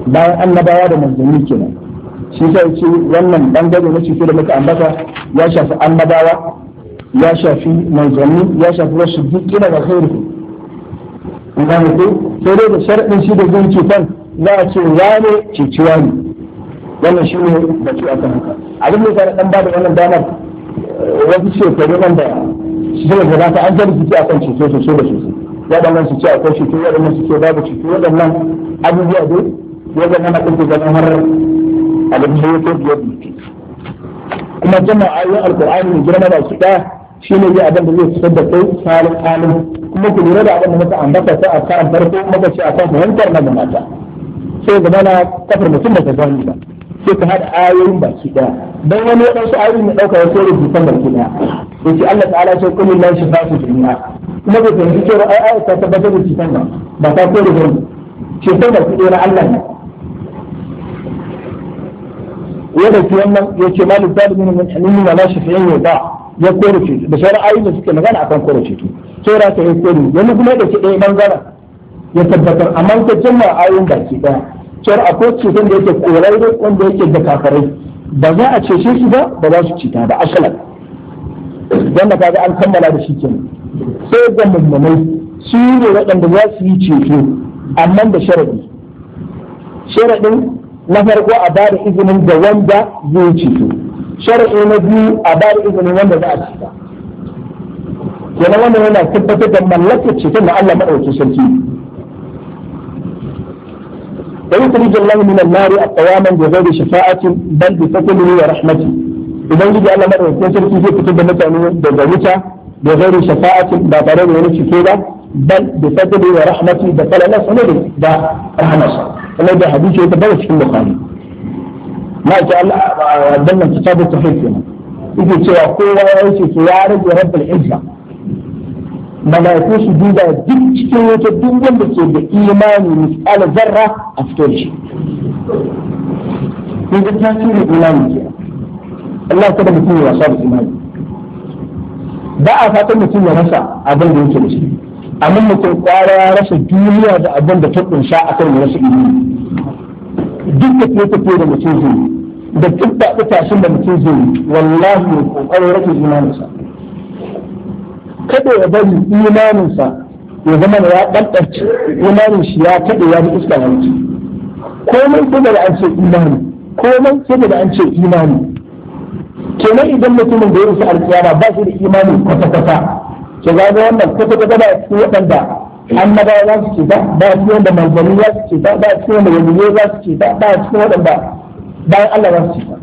bayan annabawa da manzanni kenan shi sai ce wannan bangare na ceto da muka ambata ya shafi annabawa ya shafi manzanni ya shafi wasu duk dukkan da khairu ina ne ko sai dai da sharadin shi da zan ceton za a ce wane ceciwa ne wannan shi ne da batu akan haka abin da ya dan ba da wannan damar wasu shekaru nan da shekaru da gabata an zara suke akan ceto sosai da sosai waɗannan su ce akwai ceto waɗannan su ce babu ceto waɗannan abubuwa dai ya zama na ɗauke ganin har da ya kai biyar kuma jama'a jama'ayin alkur'ani mai girma ba su ɗaya shi ne zai abin da zai fitar da kai salin halin kuma ku lura da abin da muka ambata ta a kan farko muka ce a kan fahimtar na da mata sai zama na kafar mutum da ta gani ba sai ka hada ayoyin baki daya dan wani wadansu ayoyin ya dauka wasu rubutan baki daya yace Allah ta'ala ce kullu shi shifa'u jami'a kuma ba ta yi cewa ai ai ta tabbatar da cikin ba ba ta kore ba ta da daya na Allah ne wanda ke wannan yace malu zalimin min halimi wa la shafi'in wa ba ya kore ce da sauran ayoyin da suke magana akan kore ce to ra ta yi kore wani kuma da ke ɗaya bangaren ya tabbatar amma ka jama'a ayoyin baki daya cewar akwai cutar da yake korarre wanda yake da kafarai ba za a cece shi ba ba za su cita ba asalan wanda kaga an kammala da shi kenan sai ga mummunai su ne waɗanda za su yi ceto amma da sharadi sharadin na farko a bada izinin da wanda zai ceto sharadi na biyu a bada izinin wanda za a cita kenan wannan yana tabbatar da mallakar ceton da Allah madaukakin sarki ويخرج الله من النار قواما بغير شفاعة بل بفضله ورحمته. إذا جدي الله مرة يكون سيرتي في كتب المتعلمين بغير شفاعة بابرين ونشكيلا بل بفضله ورحمته دخل الله سنده دا رحمة الله. الله حديث يتبوس في البخاري. ما شاء الله عندنا آه، آه، كتاب التوحيد هنا. يجي تشوى قوة ويشي رب العزة. mala'iku su duba duk cikin wata duk wanda ke da imani misal zarra a cikin shi da ta ce tasirin imani ke Allah ta da mutum ya wasa da imani ba a fatan mutum ya rasa abin da yake da shi amma mutum kwara ya rasa duniya da abin da ta kunsha a ya rasa imani duk da ke tafiye da mutum zai da duk da tashin da mutum zai wallahi ya kokarin rasa sa. kada ya bari imaninsa ya zama ya ɗanɗarci imanin shi ya kaɗe ya bi iska ya wuce komai kuma da an ce imani komai kuma da an ce imani kenan idan mutumin da ya rufe alƙiyama ba shi da imani kwata-kwata ke zaga wannan kwata-kwata ba cikin waɗanda annabawa za su ce ba ba cikin wanda manzanni za su ce ba ba cikin wanda waliyai za su ce ba ba cikin waɗanda bayan Allah za su ce ba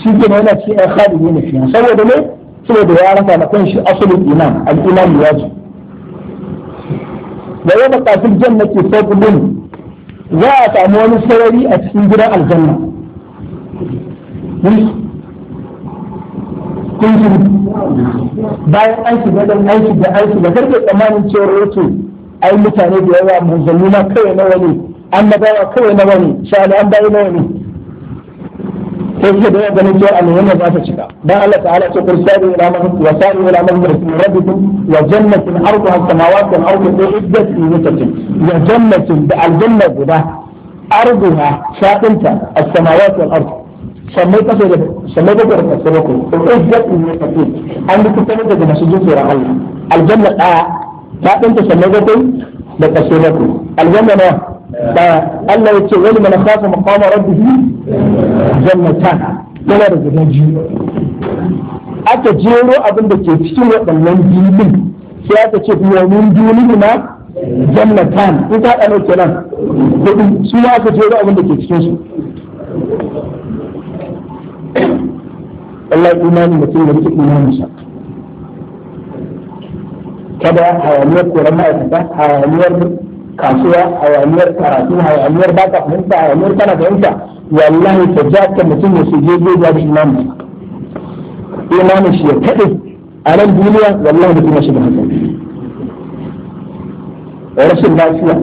shi ke yana cikin ɗan khalidi ne fiye saboda ne saboda ya rasa na kanshi asalin iman al-iman ya ji da yau bakatun jannati fadlun za a samu wani sarari a cikin gidan aljanna bayan an shiga don an shiga an shiga karfe tsammanin cewar yake ai mutane da yawa manzanni na kawai na wani annabawa kawai na wani sha'ani an bayi na wani sai suka dawo ganin cewa alwala za ta cika dan Allah ta'ala ce qul sabu ila man wa sabu ila man rasul rabbikum wa jannatin arduha samawati wal ardu iddat li mutatin wa jannatin da aljanna guda arduha shadinta as-samawati wal ardu sannan kasa da sannan da kasa da ku iddat li mutatin an duka ne daga masu jin tsoron Allah aljanna da ta danta sannan da kai da kasa da ku aljanna na daya Allah ya ce wani mana khafa maqama rabbih jannatan yana da guda biyu aka jero abin da ke cikin waɗannan biyun sai aka ce domin duni na jannatan in ka ɗano kenan kuɗi su ma aka jero abin da ke cikin su Allah imani mutum da rike imaninsa kada hayaniyar koran ma'aikata hayaniyar kasuwa a hayaniyar karatu hayaniyar ba ka fahimta hayaniyar kana fahimta wallahi ta ja ka mutum ya suje gobe da imamu imamu shi ya kaɗe a nan duniya wallahi mutum shi da haka rashin lafiya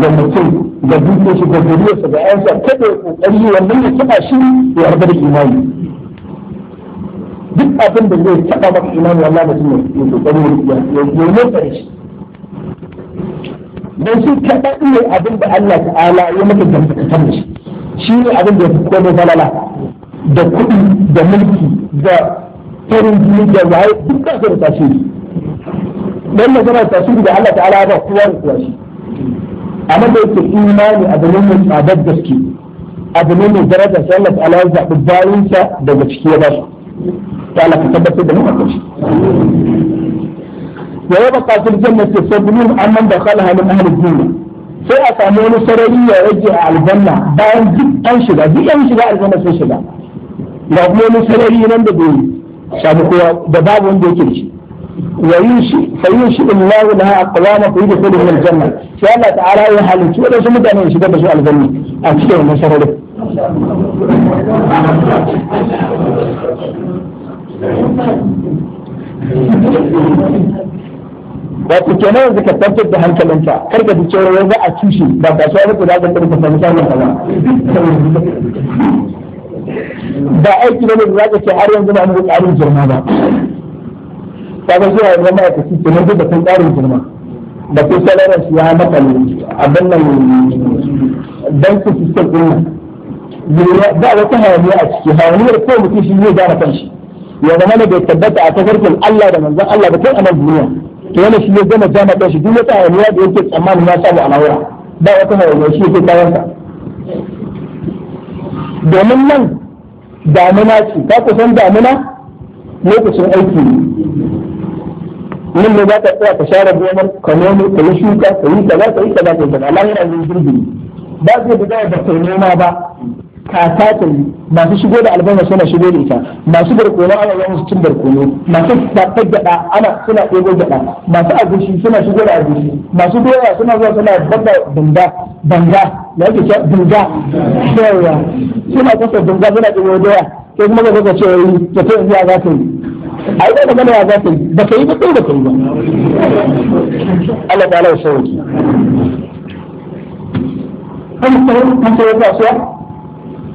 ga mutum ga dukkan shi ga zuriyarsa ga ayansa kaɗe ƙoƙari wannan ya taɓa shi ya rabu da imani duk abin da zai taɓa maka imani wallahi mutum ya ƙoƙari ya nesa da shi don shi kaɗan ne abin da Allah ta'ala ya maka gamsakatar da shi shi ne abin da ya fi komai falala da kuɗi da mulki da farin jini da waye duk da su da tasiri dan magana da Allah ta'ala ba kowa da kowa shi amma da yake imani abu ne mai tsadar gaske abu ne mai daraja sai Allah ta'ala ya zaɓi bayansa daga ciki ya ba su ta Allah ka tabbatar da mu a ويبقى في الجنة سبعون أمن دخلها من أهل الجنة sai a samu wani sarari ya rage a aljanna bayan duk an shiga duk an shiga aljanna sun shiga ga kuma wani sarari nan da bai samu kowa da babu wanda yake da shi فينشئ الله لها أقواما فيدخلهم الجنة شاء الله تعالى يحل شو ولا شو مدعني يشد بسوء الجنة أكثر من شر Thank wato kenan yanzu ka tabbatar da hankalinka kar ka ji cewa yanzu a tushe ba kasuwa ba ku da ka ka samu samun ba. ba aiki ne da za ce har yanzu ba mu ƙarin girma ba ta ga zuwa yanzu ma'aikaci ke nan da sun ƙarin girma da ko salarar shi ya maka abin nan dan ku su sai ɗin ba wata hayaniya a ciki hayaniyar ko mutum shi zai gane kanshi ya zama da bai tabbata a tafarkin Allah da manzon Allah da kai a nan duniya Wani shi ya gama jama da shi duk wata hayaniya da yake tsammanin ya samu a lahira ba wata hayaniya shi yake kayan sa domin nan damuna ce ta kusan damuna lokacin aiki ne nan ne za ka tsaya ka share gonar ka nemi ka yi shuka ka yi kaza ka yi kaza ka yi kaza lahira zai girbi ba zai da kai noma ba kaka ta yi masu shigo da albarka suna shigo da ita masu barkono ana yawan su cin barkono masu fatar gyaɗa ana suna ɗebo gyaɗa masu agushi suna shigo da agushi masu doya suna zuwa suna babba banga banga da yake cewa banga shawarwa suna kasa banga suna ɗogo doya sai kuma ka ce cewa yi ta ta yanzu za ta yi ai da magana ya za ta yi ba ka yi ba kai ka yi ba Allah ta Allah ya sauki. Kan sauran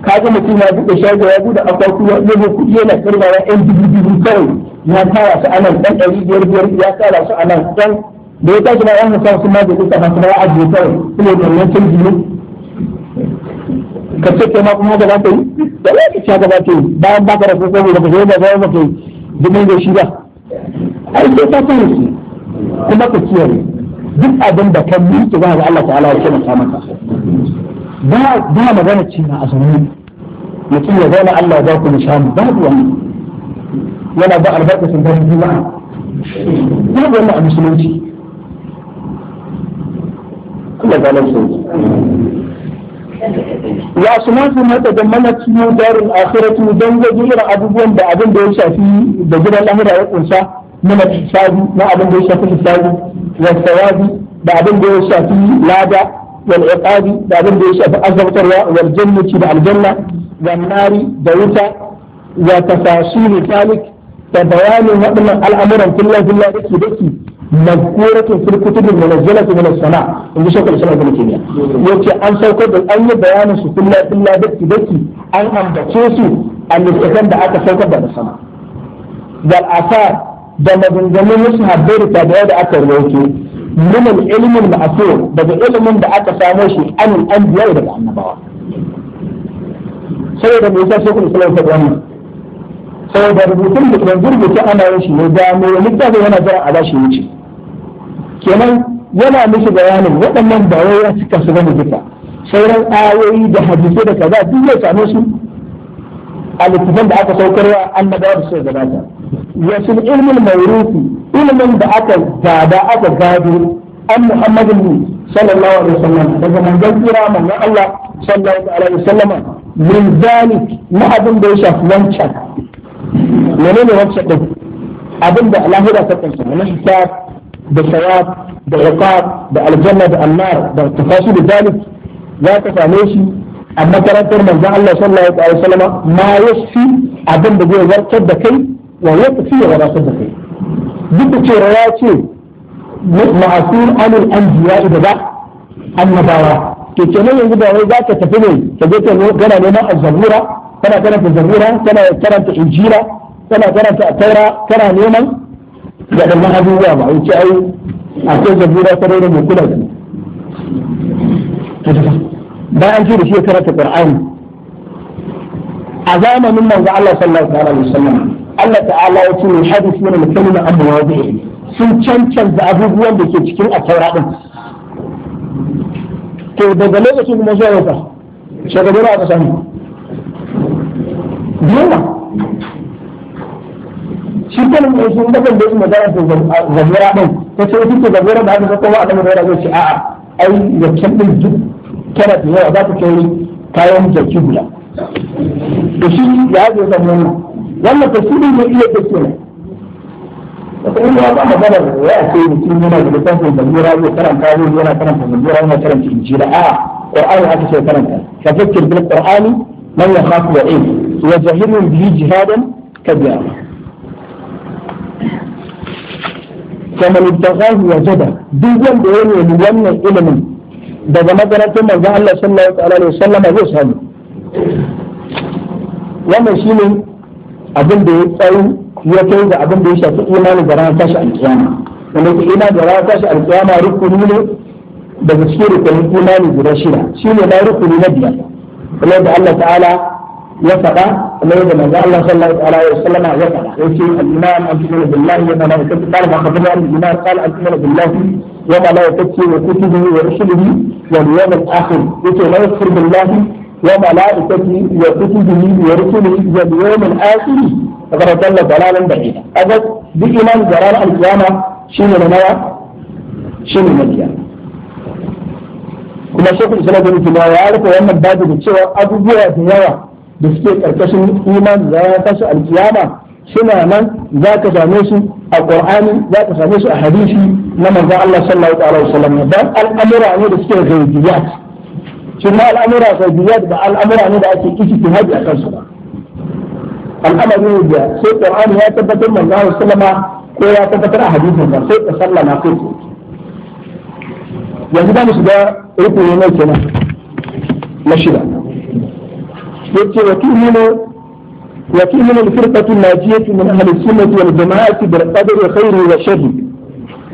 kaga mutum ya buɗe shago ya buɗe akwati ya nemo kuɗi yana kirgawa yan dubu dubu kawai ya tara su anan ɗan ɗari biyar biyar ya tara su anan ɗan da ya tashi na yan hasa su ma da duka ba su ba ya ajiye kawai su ne ɗan yankin biyu ka ce ke ma kuma da za ta yi da za ka ci ba ta yi bayan ba ka rasu da ka zai ba ba ta yi jimin da shi ba ai sai ta sani kuma ka kiyaye duk abin da kan miƙe ba ga Allah ta'ala ya ce maka maka ba ba magana cewa azumi mutum ya zauna Allah ya ba ku nishani babu wani yana ba albarkacin garin juma'a babu wannan a musulunci kuma zalar sauki ya su masu mata da mana cikin darin akhiratu don gaji irin abubuwan da abin da ya shafi da gidan lamura ya kunsa mana hisabi na abin da ya shafi hisabi wa sawabi da abin da ya shafi lada wal iqabi da abin da ya shafi azabtarwa wal jannati da aljanna wal da wuta wa tafasil zalik da bayanin waɗannan al'amuran kullum kullum dake dake mazkuratun fil kutubin munazzalati min as-sama in ji shekul islam ibn taymiya yace an sauka da an yi bayanin su kullum kullum dake dake an ambace su a littafin da aka sauka da sama asar da maganganun musu habbai da da aka rawaito min ilimin ilm al daga ilimin da aka samo shi an anbiya daga annabawa saboda me yasa shekul islam ta wannan saboda rubutun da kan rubuta ana yin shi ne da mai littafin yana jira a bashi wuce kenan yana mishi bayanin waɗannan ba wai ya cika sai bane ayoyi da hadisai da kaza duk ya same su a littafin da aka saukarwa annabawa da suka gabata wasu ilmin ilimin da aka gada aka gado an muhammadin sallallahu alaihi wasallam daga manzon kira manzon Allah sallallahu alaihi wasallam min zalik na abin da ya shafi wancan ne wancan din abin da lahira ta kansa na hisab da sawab da iqab da aljanna da annar da tafasil zalik ya ka same shi a makarantar manzon Allah sallallahu alaihi wasallam ma yasfi abin da zai warkar da kai wa yafi ya wadatar da kai duk da cewa ya ce ma'asur anil anbiya da ba annabawa to kenan yanzu ba wai zaka tafi ne ka je ka kana neman azzabura kana karanta zabura kana karanta injira kana karanta ataura kana neman waɗannan abubuwa ba wuce ai akwai zabura sarai da mai kula da bayan ce da shi ya karanta qur'ani a zamanin manzo Allah sallallahu alaihi wasallam Allah ta'ala ya ce min hadis min al-kalima an mawadi'i sun cancanta abubuwan da ke cikin attaura din to daga lokacin kuma zuwa wata a aka samu yawa shi kan ne sun daga da kuma zara ta zabura din ta ce shi ke zabura da haka kowa a kan zabura zai ce a'a ai yakin din duk kana da yawa za ku kai kayan jaki guda to shi ya zo zama wannan tafsirin ne iya tafsira wata in ya ba maganar ya ce mutum yana da littafin zabira zai karanta zai yana karanta zabira yana karanta injira a qur'ani haka sai karanta ka fakkir bil qur'ani man yakhafu wa'id wa jahilun bihi jihadan kabira kamar ibtaghahu wajada duk wanda ya nemi wannan ilimin daga makarantar manzon Allah sallallahu alaihi wasallam zai samu wannan shine abin da ya tsayi ya kai ga abin da ya shafi imani da ranar tashi alkiyama wanda ke imani da ranar tashi alkiyama rukuni ne daga cikin rukunin imani guda shida ne na rukuni na biyar kamar da Allah ta'ala ya faɗa kamar da manzo Allah sallallahu alaihi wasallam ya faɗa yace al-iman an tu'minu billahi wa malaikatihi qala ma qabla al-iman qala an tu'minu billahi wa malaikatihi wa kutubihi wa rusulihi wal yawmil akhir yace la yakfur billahi وملائكته وكتبه ورسله واليوم الآخر فقد ضل ضلالا بعيدا هذا بإيمان ضلال القيامة شنو نمايا شنو نجيا kuma shekul islam bin kuma ya rufe wannan babu da cewa abubuwa da yawa da suke karkashin imani da ya tashi alkiyama suna nan za ka same su a qur'ani za ka same su a hadisi na manzon Allah sallallahu alaihi wasallam dan al'amura ne da suke gaibiyat su ma al'amura saudiyya da al'amura ne da ake ijtihadi a kansu ba al'amari ne da sai qur'ani ya tabbatar manzo Allah sallama ko ya tabbatar a hadisin sa sai ka sallama kai yanzu da mu shiga rukuni ne kenan na shida yace wa tu'minu وتؤمن الفرقة الناجية من أهل السنة والجماعة بالقدر خير وشر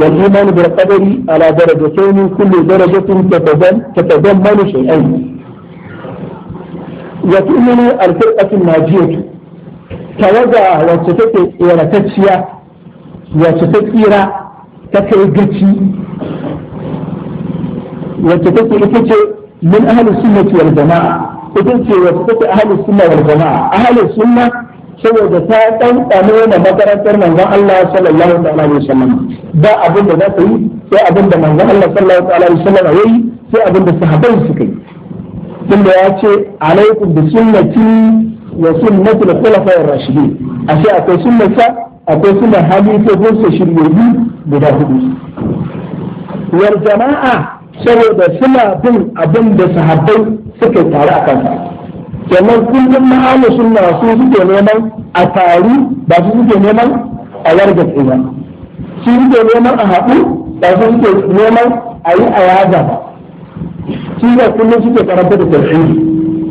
والإيمان بالقدر على درجتين كل درجة تتضمن شيئين وتؤمن الفرقة الناجية توزع وتتكي إلى تتشيا وتتكيرا تكيجتي وتتكي إتتي من أهل السنة والجماعة إتتي وتتكي أهل السنة والجماعة أهل السنة saboda ta ɗanɗano na makarantar manzon Allah sallallahu ta'ala alaihi wasallam ba abin da za ta yi sai abin da manzon Allah sallallahu ta'ala alaihi wasallam ya yi sai abin da sahabbai suka yi da ya ce alaikum bi sunnati wa sunnati al-khulafa'i ar-rashidin ashe akwai sunnata akwai sunnar halifofin sa shiryoyi guda hudu wal jama'a saboda suna bin abin da sahabbai suka tare a kansa kamar kullum na suna su suke neman a taru ba su suke neman a wargatse ba su suke neman a haɗu ba su suke neman a yi a yaza ba shi ne kullum suke karanta da tauhidi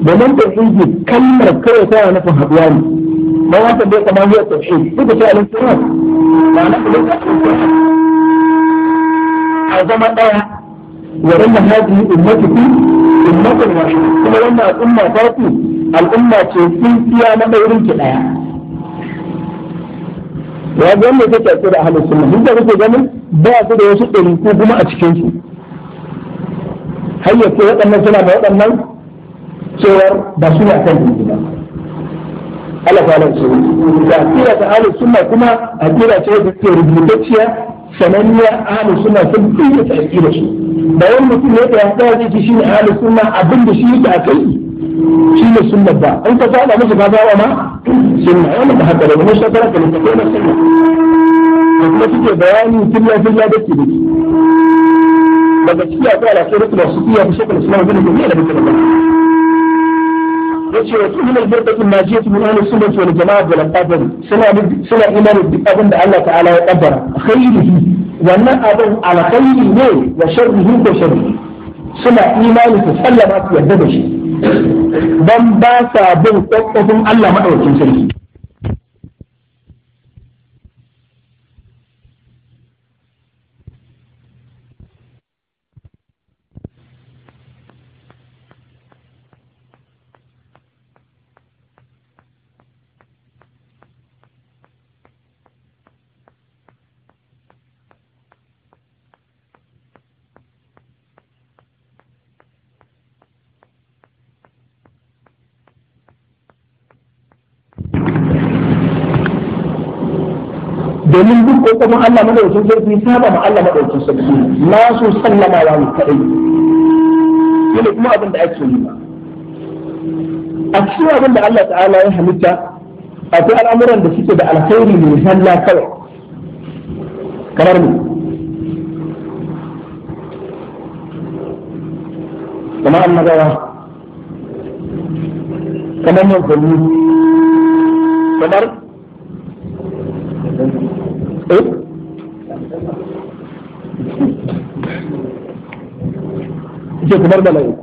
domin tarihi kalmar kawai tana nufin haɗuwa ne ba wata bai kama yau tauhidi duk da shi ba na kullum a zama ɗaya wa ranna hajji ummatukum ummatan wahida kuma wannan al'umma ta ku al'umma ce sun fiya na daurin ki daya ya ga wanda take tsira ahlus sunna duk da kuke ganin ba su da wasu ɗari ko kuma a cikin su har yake waɗannan suna da waɗannan cewar ba su ne akan gidi ba Allah ta lalace da akira ta ahlus sunna kuma a akira ce da take rubutacciya sananniya ahlus sunna sun fiye ta akira su da wani mutum ya tsaya tsaya zai ce shi ne ahalin sunna abin da shi yake a kai shi ne sunna ba in ka saba musu ka zawa ma sunna wannan da haka da mun shakara ka ne ka sunna da kuma suke bayani da ke da daga ciki akwai alaƙar rukun da su fiye da yace wa min al-firqati najiyati min ahli sunnah wal jama'a wal qadar suna suna imani duk abin da Allah ta'ala ya kaddara khairihi wannan abin alkhairi ne wa sharrihi ko sharri suna imani su sallama su yarda da shi dan ba sa bin tsakkafin Allah madaukakin sarki domin duk kokomin Allah madaukakin sarki saba ma Allah madaukakin sarki na su sallama wa mu kadai yana kuma abin da ake yi a cikin abin da Allah ta'ala ya halitta akwai al'amuran da suke da alkhairi ne halla kawai kamar mu kamar annabawa kamar yankanni kamar ce kamar da laifi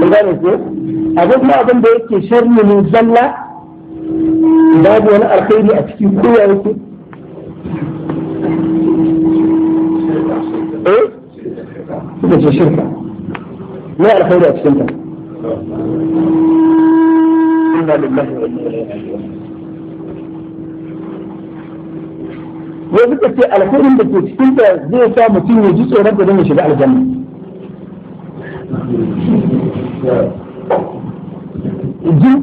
kun gane ko abin kuma abin da yake sharri ne zalla babu wani alkhairi a cikin kowa yake eh suka ce shirka ne alkhairi a cikin ta inna lillahi wa inna ilaihi wai suka ce alkhairin da ke cikin ta zai sa mutum ya ji tsoron da zai shiga aljanna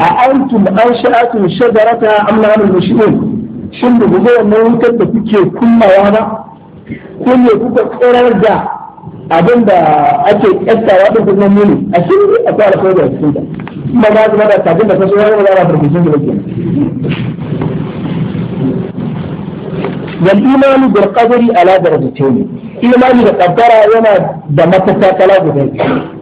a antum an sha'atun shajarata am na hannun mashi'un shin da gobe wannan wutar da kuke kunnawa ba ko ne kuka tsirar da abin da ake kastawa da kuma muni a cikin a fara kai da cikin kuma ba kuma da kafin da kaso wani da ba da yake wal imani bil qadari ala da yana da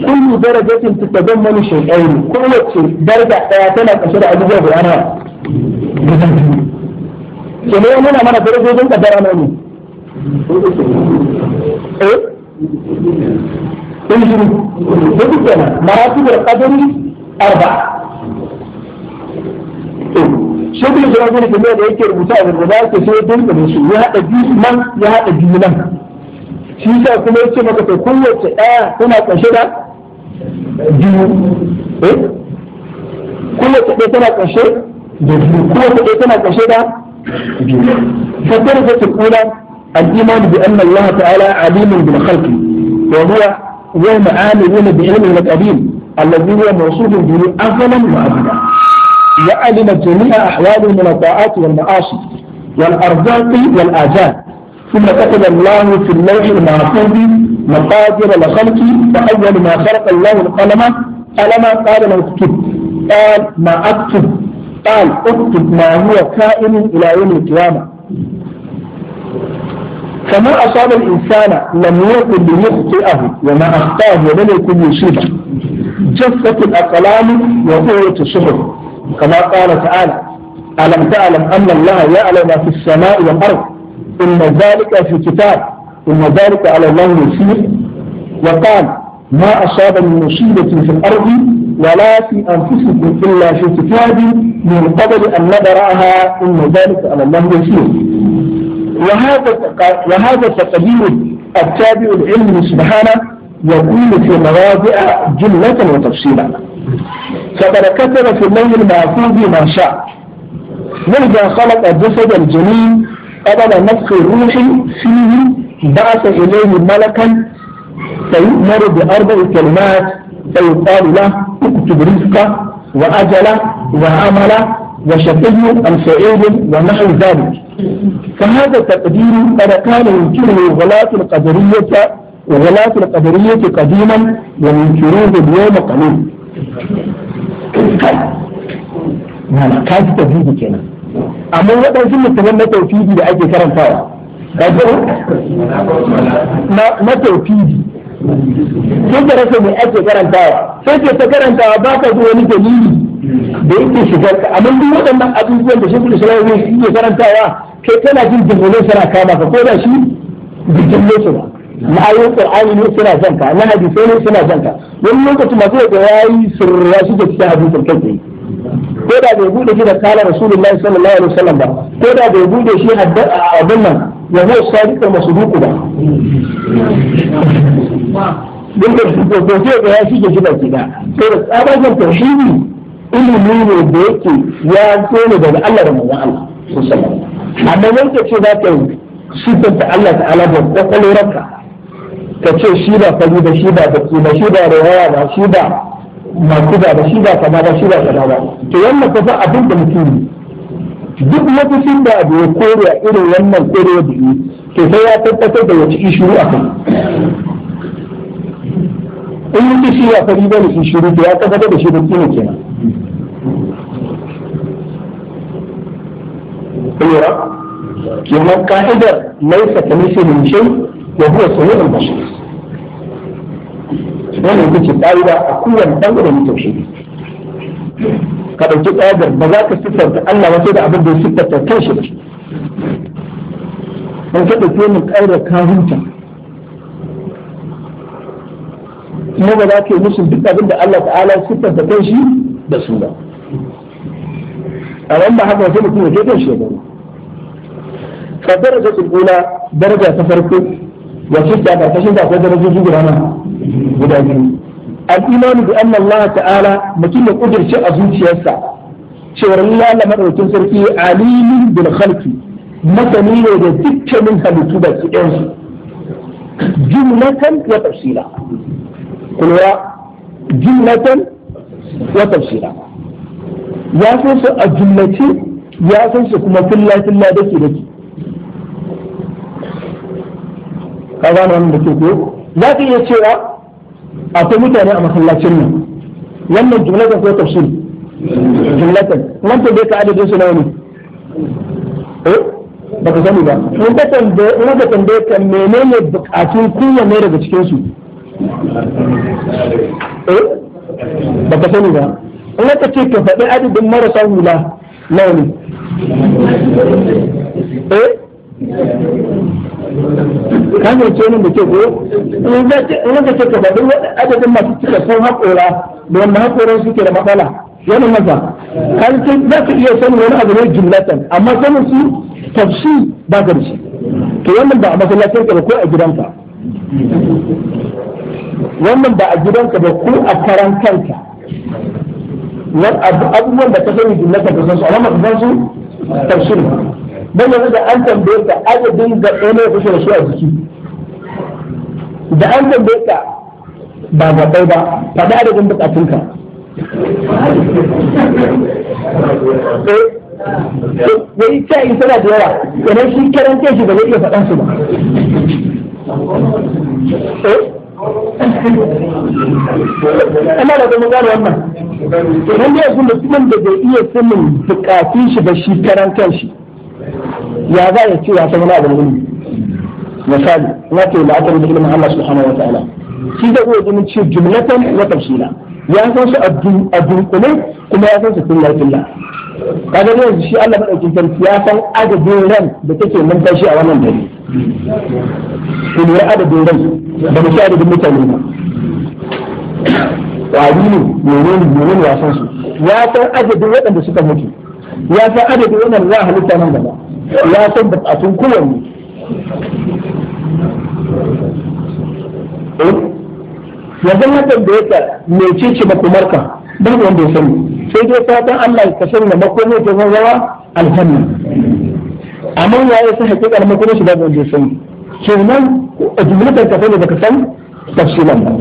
kullu darajatin tatadammanu shay'ain kowace daraja daya tana kashe da abubuwa guda nawa ke ne nuna mana darajojin kadara na ne eh kun shiru da kuke na maratibul arba shekul islam bin da yake rubuta a gargaba yake sai ya dinka su ya haɗa biyu nan ya haɗa biyu nan shi kuma maka to kowace ɗaya tana biyu eh kowace ɗaya tana ƙarshe da biyu الإيمان بأن الله تعالى عليم بالخلق وهو يوم عاملون بعلمه القديم الذي هو موصوف به أفلا وأبدا وعلم جميع أحواله من الطاعات والمعاصي والأرزاق والآجال ثم كتب الله في اللوح المحفوظ مقادر الخلق فأول ما خلق الله القلم قلم قال ما اكتب قال ما اكتب قال اكتب ما هو كائن إلى يوم القيامة فما أصاب الإنسان لم يكن ليخطئه وما أخطاه ولم يكن يصيبه جفت الأقلام وقوة الصحف كما قال تعالى ألم تعلم أن الله يعلم ما في السماء والأرض إن ذلك في كتاب إن ذلك على الله يسير وقال ما أصاب من مصيبة في الأرض ولا في أنفسكم إلا في كتاب من قبل أن نبرأها إن ذلك على الله يسير وهذا وهذا تقدير التابع العلم سبحانه يقول في مواضع جملة وتفصيلا فقد كتب في الليل المعفوظ ما شاء وإذا خلق الجسد الجميل قبل نفخ الروح فيه بعث إليه ملكا فيؤمر بأربع كلمات فيقال له اكتب رزقه وأجله وعمله وشقي أم سعيد ونحو ذلك فهذا تقدير قد كان ينكره غلاة القدرية وغلاة القدرية قديما وينكروه اليوم قليلا نعم كان تجديد كنا أما هذا musulman na tauhidi لأجل كرم karantawa ba ko na tauhidi sai da rasa mai ake karantawa sai ke ta karantawa ba ka zuwa wani dalili da yake shigar ka amma duk waɗannan abubuwan da shekul islam ya yi karantawa kai tana jin dingolin suna kama ka ko da shi bikin su ba na ayoyin qur'ani ne suna zanka, na hadisai ne suna zanka. wani lokaci masu da yayi sirra su ke cikin hadisin kai tsaye ko da bai bude shi da kala rasulullahi sallallahu alaihi wasallam ba ko da bai bude shi abin nan ya zo sadiqa masduqu ba din da ko ko ya shige shi baki da sai da tsabagen tauhidi ilimi ne da yake ya tsone daga Allah da manzon Allah sallallahu amma wanda ce za ka sifanta Allah ta'ala da kwakwalwarka ka ce shi ba fari ba shi ba baki shi ba rawaya ba shi ba makuda ba shi ba ba shi ba ba to wannan kafa abin da mutum duk lokacin da abu ya kore a irin wannan kore da yi to sai ya tabbatar da wace ishuru a kai in yi kishi ya fari bane ishuru to ya tabbatar da shi da kina kenan ke maka idar mai kamishinin shi wa huwa da mashi wannan ita ce ba a kowane bangaren tauhidi ka ɗauki tsagar ba za ka siffanta Allah wato da abin da ya siffanta kan shi ba dan ka ɗauki wannan tsagar ka huta kuma ba za ka yi musu duk abin da Allah ta'ala ya siffanta kan shi da su ba a ran ba haka sai mutum ya je kan shi ba fa daraja ula daraja ta farko wa sitta ba ta shi ba ko daraja guda na guda biyu al-imanu ta'ala mutum ya kudirce a zuciyarsa cewar Allah la madaukin sarki alimin bil khalqi masani ne da dukkanin halittu da su ɗan su jumlatan ya san a jumlace ya san su kuma filla filla dake da iya cewa akwai mutane a masallacin nan wannan jumlatan ko tafsir jumlatan nan ta bai ka adadin su nawa ne eh baka sani ba mun ka tambaye mun ka tambaye ka menene bukatun kowanne daga cikin su eh baka sani ba in ka ce ka faɗi adadin marasa hula nawa ne eh ka eh, ce nan da ke ko in ka ce ka faɗi adadin masu cika sun haƙora da wanda haƙoran suke da matsala yana masa kan ce za ka iya sanin wani abu ne jimlatan amma sanin su tafsi ba ka shi to wannan ba a masallacin ka ba ko a gidanka wannan ba a gidanka ba ko a karan kanka abubuwan da ka sani jimlatan ka san su amma zan ka san su tafsir ba dan yanzu da an tambaye ka adadin da ɗaya ne kusa da shi a jiki da an tambaye ka ba ga ɗaya ba faɗi adadin bukatunka eh, wai ta in suna da yawa idan shi karanta shi ba zai iya faɗan su ba ana eh? da zama gano wannan idan da ya kuma da bai iya sanin bukatun shi ba shi karan shi ya za ya ce ya san wani abu ilimi misali na ce la'akari da ilimin Allah subhanahu wa ta'ala shi da iya jimin ce jumlatan wa tafsila ya san su a dunkule kuma ya san su filla filla kaga ne shi Allah madaukin sarki ya san adadin ran da take numfashi a wannan dare ku ne adadin ran da mu adadin mutane ba wani ne menene menene ya san su ya san adadin waɗanda suka mutu ya san adadin waɗanda za a halitta nan gaba ya san bukatun kowanne eh? yanzu na tambaye ka mece ce makomarka babu wanda ya sani sai dai fatan Allah ya kashe da makomar ta zama alhamdu amma ya yi sa hakika na makomar shi babu wanda ya sani nan, a jumlatar ka sani baka san tafsilan ba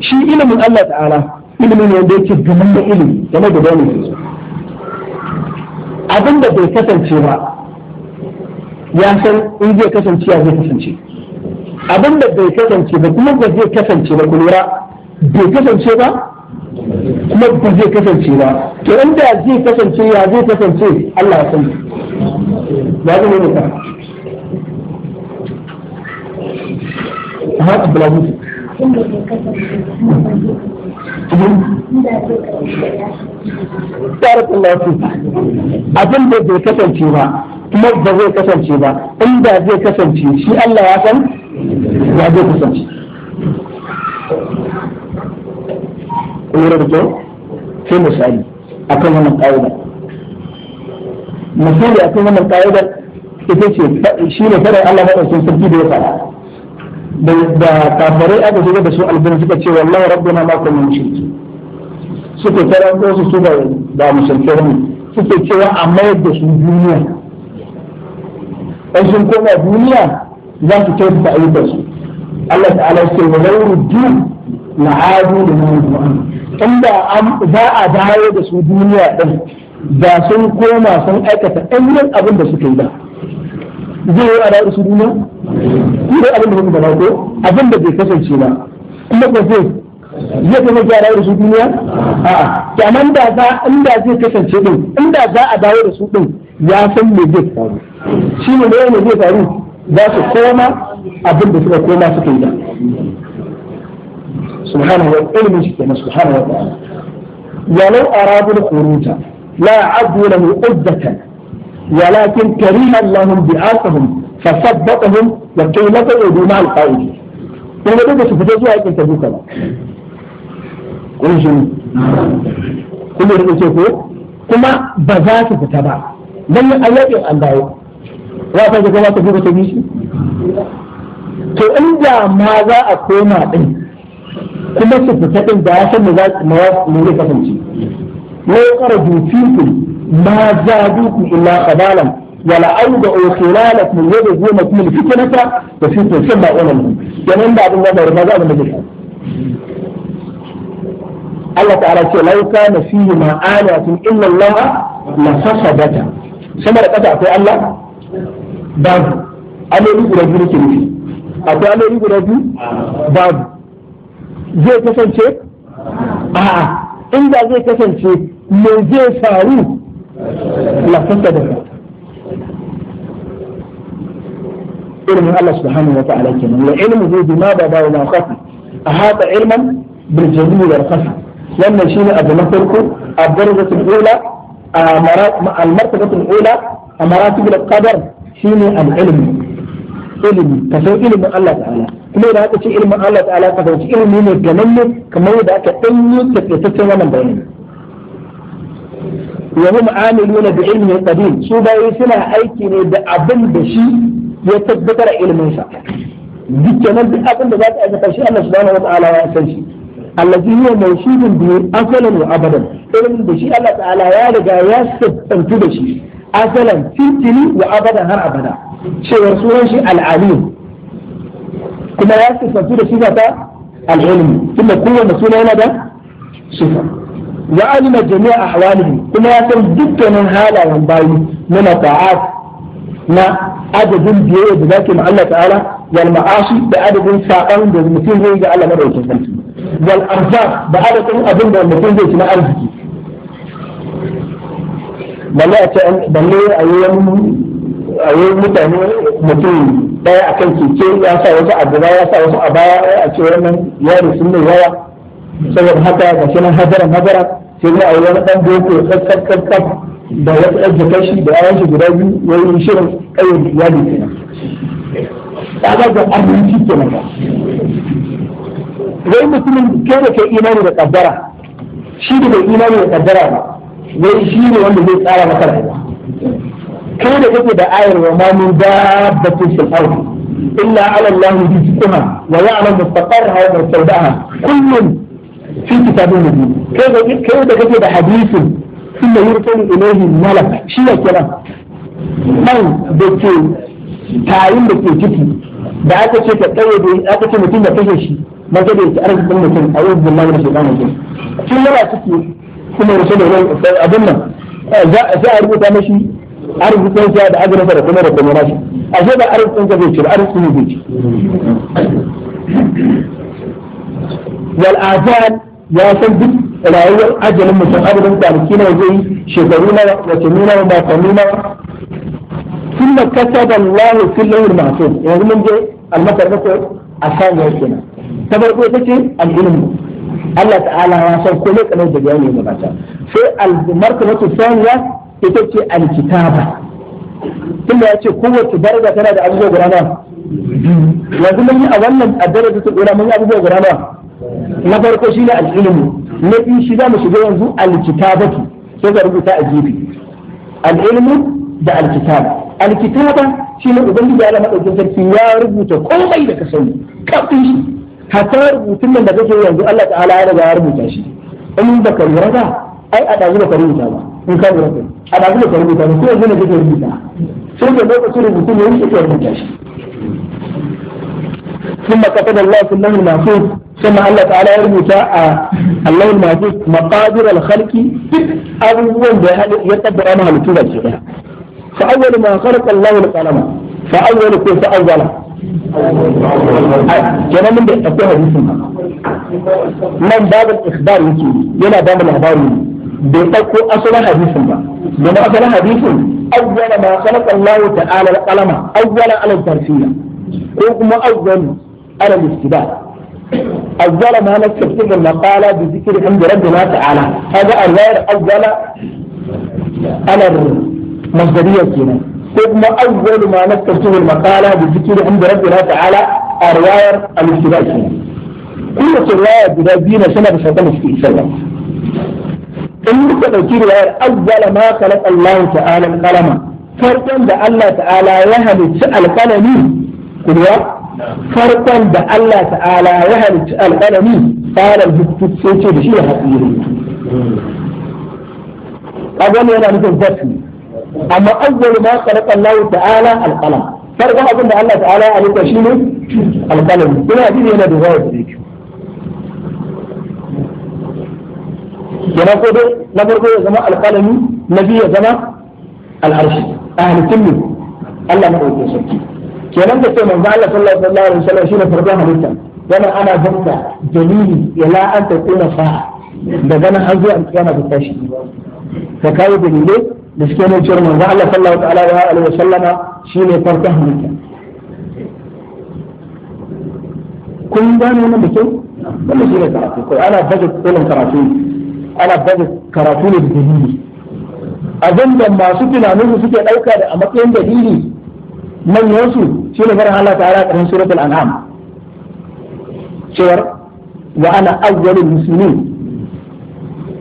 shi ilimin Allah ta'ala ilimin wanda ya ce dumin da ilimi game da bayanin abin da bai kasance ba ya san in zai kasance ya zai kasance abin da bai kasance ba kuma ba zai kasance ba kulura bai kasance ba kuma ba zai kasance ba to inda zai kasance ya zai kasance Allah ya san ya ne ka ha abdulaziz Tsaratun lafi abin da bai kasance ba kuma ba zai kasance ba inda zai kasance shi Allah ya san ya zai kasance. Ƙura da kyau sai misali a kan wannan ƙa'idar. Misali a kan wannan ƙa'idar ita ce shi ne fara Allah maɗaukin sarki da ya faɗa. da kafare aka shiga da su aljanna suka ce wallahi rabbuna ma kunna mushriki suka karanto su su ba da musulmi ne suke cewa a mayar da su duniya in sun koma duniya za su ta da ayyukan su Allah ta'ala ce wa law ruddu la adu lima da za a dawo da su duniya din da sun koma sun aikata ayyukan abin da suka yi da zai yi ala usulina ne abin da muka faɗa ko abin da bai kasance ba kuma ko sai zai kuma gyara da su duniya a kyanan da za da zai kasance din In da za a dawo da su din ya san me zai faru shi ne ne zai faru za su koma abin da suka koma suka yi da subhanahu wa ilmin shi kenan subhanahu wa ta'ala walau arabul khuruja la abu lahu uddatan ولكن كريم لهم بآسهم فثبتهم وكي لا تقعدوا مع القائدين kun ga duka su fito zuwa yakin tabuka ba kun shi kun da rike ko kuma ba za su fita ba dan an yaƙi an dawo wa ta ta to inda ma za a koma din kuma su fita din da ya san da za su ma ne kasance ne ƙara du ما زادوكم إلا خبالا ولا أوضعوا خلالكم يبغونكم الفتنة وفتنة ثم أولهم يعني بعد النظر ماذا أنا مدري الله تعالى لو كان فيهما آلة إلا الله لفسدتا قطع في الله باب Allah babu رجل guda biyu nake nufi رجل باب زي كسن شيء zai إن ذا زي كسن شيء من زي faru لا تنتبه علم الله سبحانه وتعالى كنا العلم هو بما بابا وما خفي أهذا علما بالجميل والخفي لما يشيل أجمالكو الدرجة الأولى المرتبة الأولى مراتب القدر شينا العلم علم كفو علم الله تعالى كما إذا أتشي علم الله تعالى كفو علم الجنمي كما إذا أتشي علم الله تعالى wa hum amiluna bi ilmin qadim su bayi suna aiki ne da abin da shi ya tabbatar ilmin sa dukkanin duk abin da za ka aikata shi Allah subhanahu wataala ya san shi allazi huwa mawsufun bi asalan wa abadan ilmin da shi Allah ta'ala ya riga ya sabbantu da shi asalan tintini wa abadan har abada cewar sunan shi al-alim kuma ya sabbantu da shi ta al-ilmi kuma kowanne suna yana da sifa وعلم جميع أحوالهم كما يكون جدا من هذا من بايو من الطاعات ما عدد بيئة بذلك مع الله تعالى والمعاشي بعدد ساقن بالمسيح ويجي على مرة والأرزاق بعدد أبن بالمسيح ويجي مع الزكي بلأت بلأت أيام أيام متعني متعني daya a kan keke ya sa wasu a gaba ya sa wasu a baya a cewa nan ya rusu ne yawa saboda haka ga shi nan hadara hadara sai dai a yi wani ɗan boko kakkakkak da wasu ɗan jaka shi da yayan shi guda biyu wani shirin ƙayyar iyali kenan ta ga ga aminci kenan ba wai mutumin kai da kai imani da kaddara shi da bai imani da kaddara ba wai shi ne wanda zai tsara maka rayuwa kai da kake da ayar wa ma min dabbatin fil ardi illa ala allahi rizquha wa ya'lamu mustaqarraha wa mustawda'aha kullun fi kitabin nabi kai da kake da hadisin inna shi man da ke tayin da ke ciki da aka ce ka tsaye da aka ce mutum da kashe shi da yake arzikin mutum a yau da lamar shaitan mutum yana ciki kuma rasul da abin za a rubuta mashi arzikin sa da wal azan ya san duk rayuwar ajalin mutum adadin kwanaki nawa zai shekaru nawa watanni nawa makonni nawa ثم كتب الله في اللوح المحفوظ يعني من جاي المكر عشان يكنا تبرقوا تشي العلم الله تعالى واسع كل كلام دجاني مباشرة في المرتبة الثانية تتشي الكتابة ثم يأتي قوة درجة تنا أبو غرانا yanzu mun yi a wannan a darajar ta gora mun yi abubuwa gora ba na farko shi ne al'ilmu na biyu shi za mu shiga yanzu alkitabatu sai ka rubuta a gefe al'ilmu da alkitaba alkitaba shi ne ubangiji ya madaukin sarki ya rubuta komai da ka sani kafin shi hatta rubutun nan da kake yanzu Allah ta'ala ya riga ya rubuta shi in baka lura ba ai a dazu baka rubuta ba in ka lura ba a dazu baka rubuta ba ko yanzu ne kake rubuta sai da lokacin rubutun ne yake rubuta shi ثم كتب الله في الله المحفوظ ثم قال تعالى يرمي الله المحفوظ مقادر الخلق أول بهل يتبرى مع الكتب فأول ما خلق الله القلم فأول كل فأول جنا من ده أتوها من باب الإخبار يكي ينا باب الإخبار يكي بيتكو أصلا حديث ما جنا أصلا حديث أول ما خلق الله تعالى القلم أول على الترسيل وكما أول على الابتداء الظلم هنا تكتب المقالة بذكر حمد ربنا تعالى هذا الغير أول على المصدرية كنا ثم أول ما نكتب المقالة بذكر حمد ربنا تعالى الرواية الاستباع كنا كل الرواية بذابين سنة بسنة في سنة إن تذكر الغير أول ما خلق الله تعالى القلم فرقا بأن الله تعالى يهدي القلم كلها farkon da Allah ta'ala ya halicci alƙalami fara rubutu sai ce da shi ya haɗu rubutu kaga ne yana nufin zafi amma awwal ma khalaqa Allah ta'ala alqalam farkon abin da Allah ta'ala ya halitta shi ne alqalam ina ji yana da wayar da yake yana ko dai na farko ya zama alqalami na biyu ya zama al'arshi a halittun ne Allah na ɗauke sarki kenan da ce manzo Allah sallallahu alaihi wasallam shine farkon halitta wannan ana banta dalili ila an ta kuna fa da ganin an zuwa kiyama da tashi ka kawo dalili da suke nuna cewa manzo Allah sallallahu alaihi wasallam shine farkon halitta kun gane wannan da kyau wannan shine karatu ko ana baje kolon karatu ana baje karatu ne da dalili abinda masu tunanin suke dauka da a matsayin dalili manyan su shine farin Allah ta'ala karin suratul an'am cewar wa ana awwalul muslimin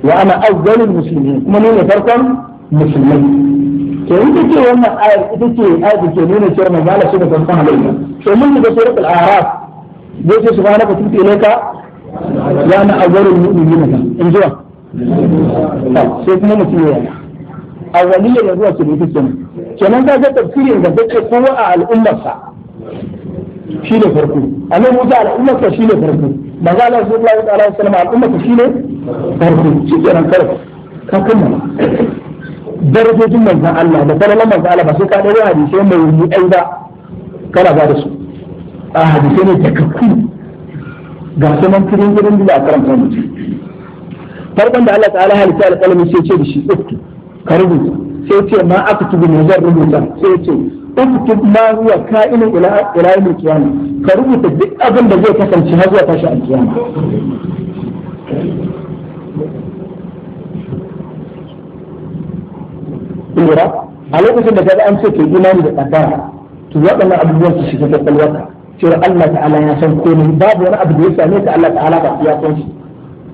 wa ana awwalul muslimin kuma ne farkon musulmai to ita ce wannan ayar ita ce ayar da ke nuna cewa manzo Allah shine farkon halitta to mun ga suratul a'raf yace subhanaka tubtu ilayka wa ana awwalul mu'minina in jiwa sai kuma mutum ya awwaliyya da zuwa kenan take kenan ka ga tafsirin da zai kowa a al'ummarsa shi ne farko annabi Musa al'ummarsa shi ne farko su Allah sallallahu alaihi salama al'ummarsa shi ne farko shi nan kar ka kammala darajojin manzan Allah da falalan manzan Allah ba sai ka dawo hadisai mai wuyi ba kana ba da su a hadisai ne takakku ga su nan cikin gidan da a karanta mutum farkon da Allah ta'ala halitta alƙalami sai ce da shi uku ka rubuta sai ce ma aka tubu ne zan rubuta sai ce uktub ma huwa ka'inun ila ila yawmil ka rubuta duk abin da zai kasance har zuwa tashi alkiyama lura a lokacin da kaga an ce ke imani da ƙaddara, to waɗannan abubuwan su shiga kwakwalwarka cewa Allah ta'ala ya san komai babu wani abu da ya same ka Allah ta'ala ba ya san shi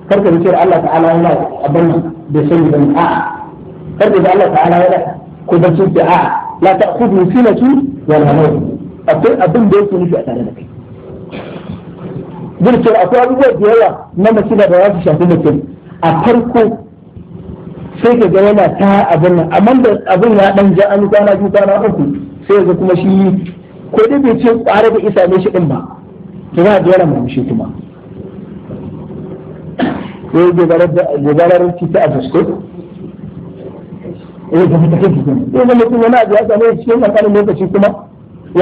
karka da cewa Allah ta'ala yana abin da san ban a'a kar ku Allah ta'ala ya raka ko da sun ce a la ta'khudhu sinatu wa la nawm akwai abin da yake nufi a tare da kai duk cewa akwai abubuwa da na masila da za su shafi mutum a farko sai ka ga yana ta abin nan amma da abin ya dan ja an kwana biyu kwana uku sai ga kuma shi ko dai bai ce kware da isa ne shi din ba to za ga yana murmushi kuma sai gobarar ta a fuskar eh da fita kake kin eh da mutum ya kuma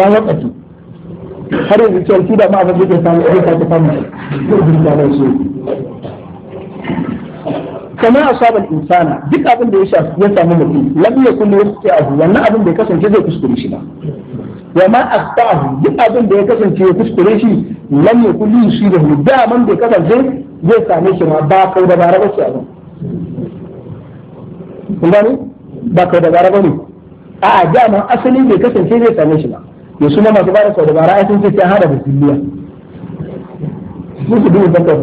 ya lokaci har yanzu abin da samu zai lafiya samu duk abin da ya samu mutum wannan abin da ya kasance zai kuskure shi ba wa ma aqta'u duk abin da ya kasance ya kuskure shi lam yakun shi da man da kasance zai same shi ma ba kai da bara wasu abin kun ba kai dabara ba ne a'a dama asali bai kasance zai same shi ba ya suna masu sau da kai dabara ai sun ce ta hada da kulliya musu su duba zakar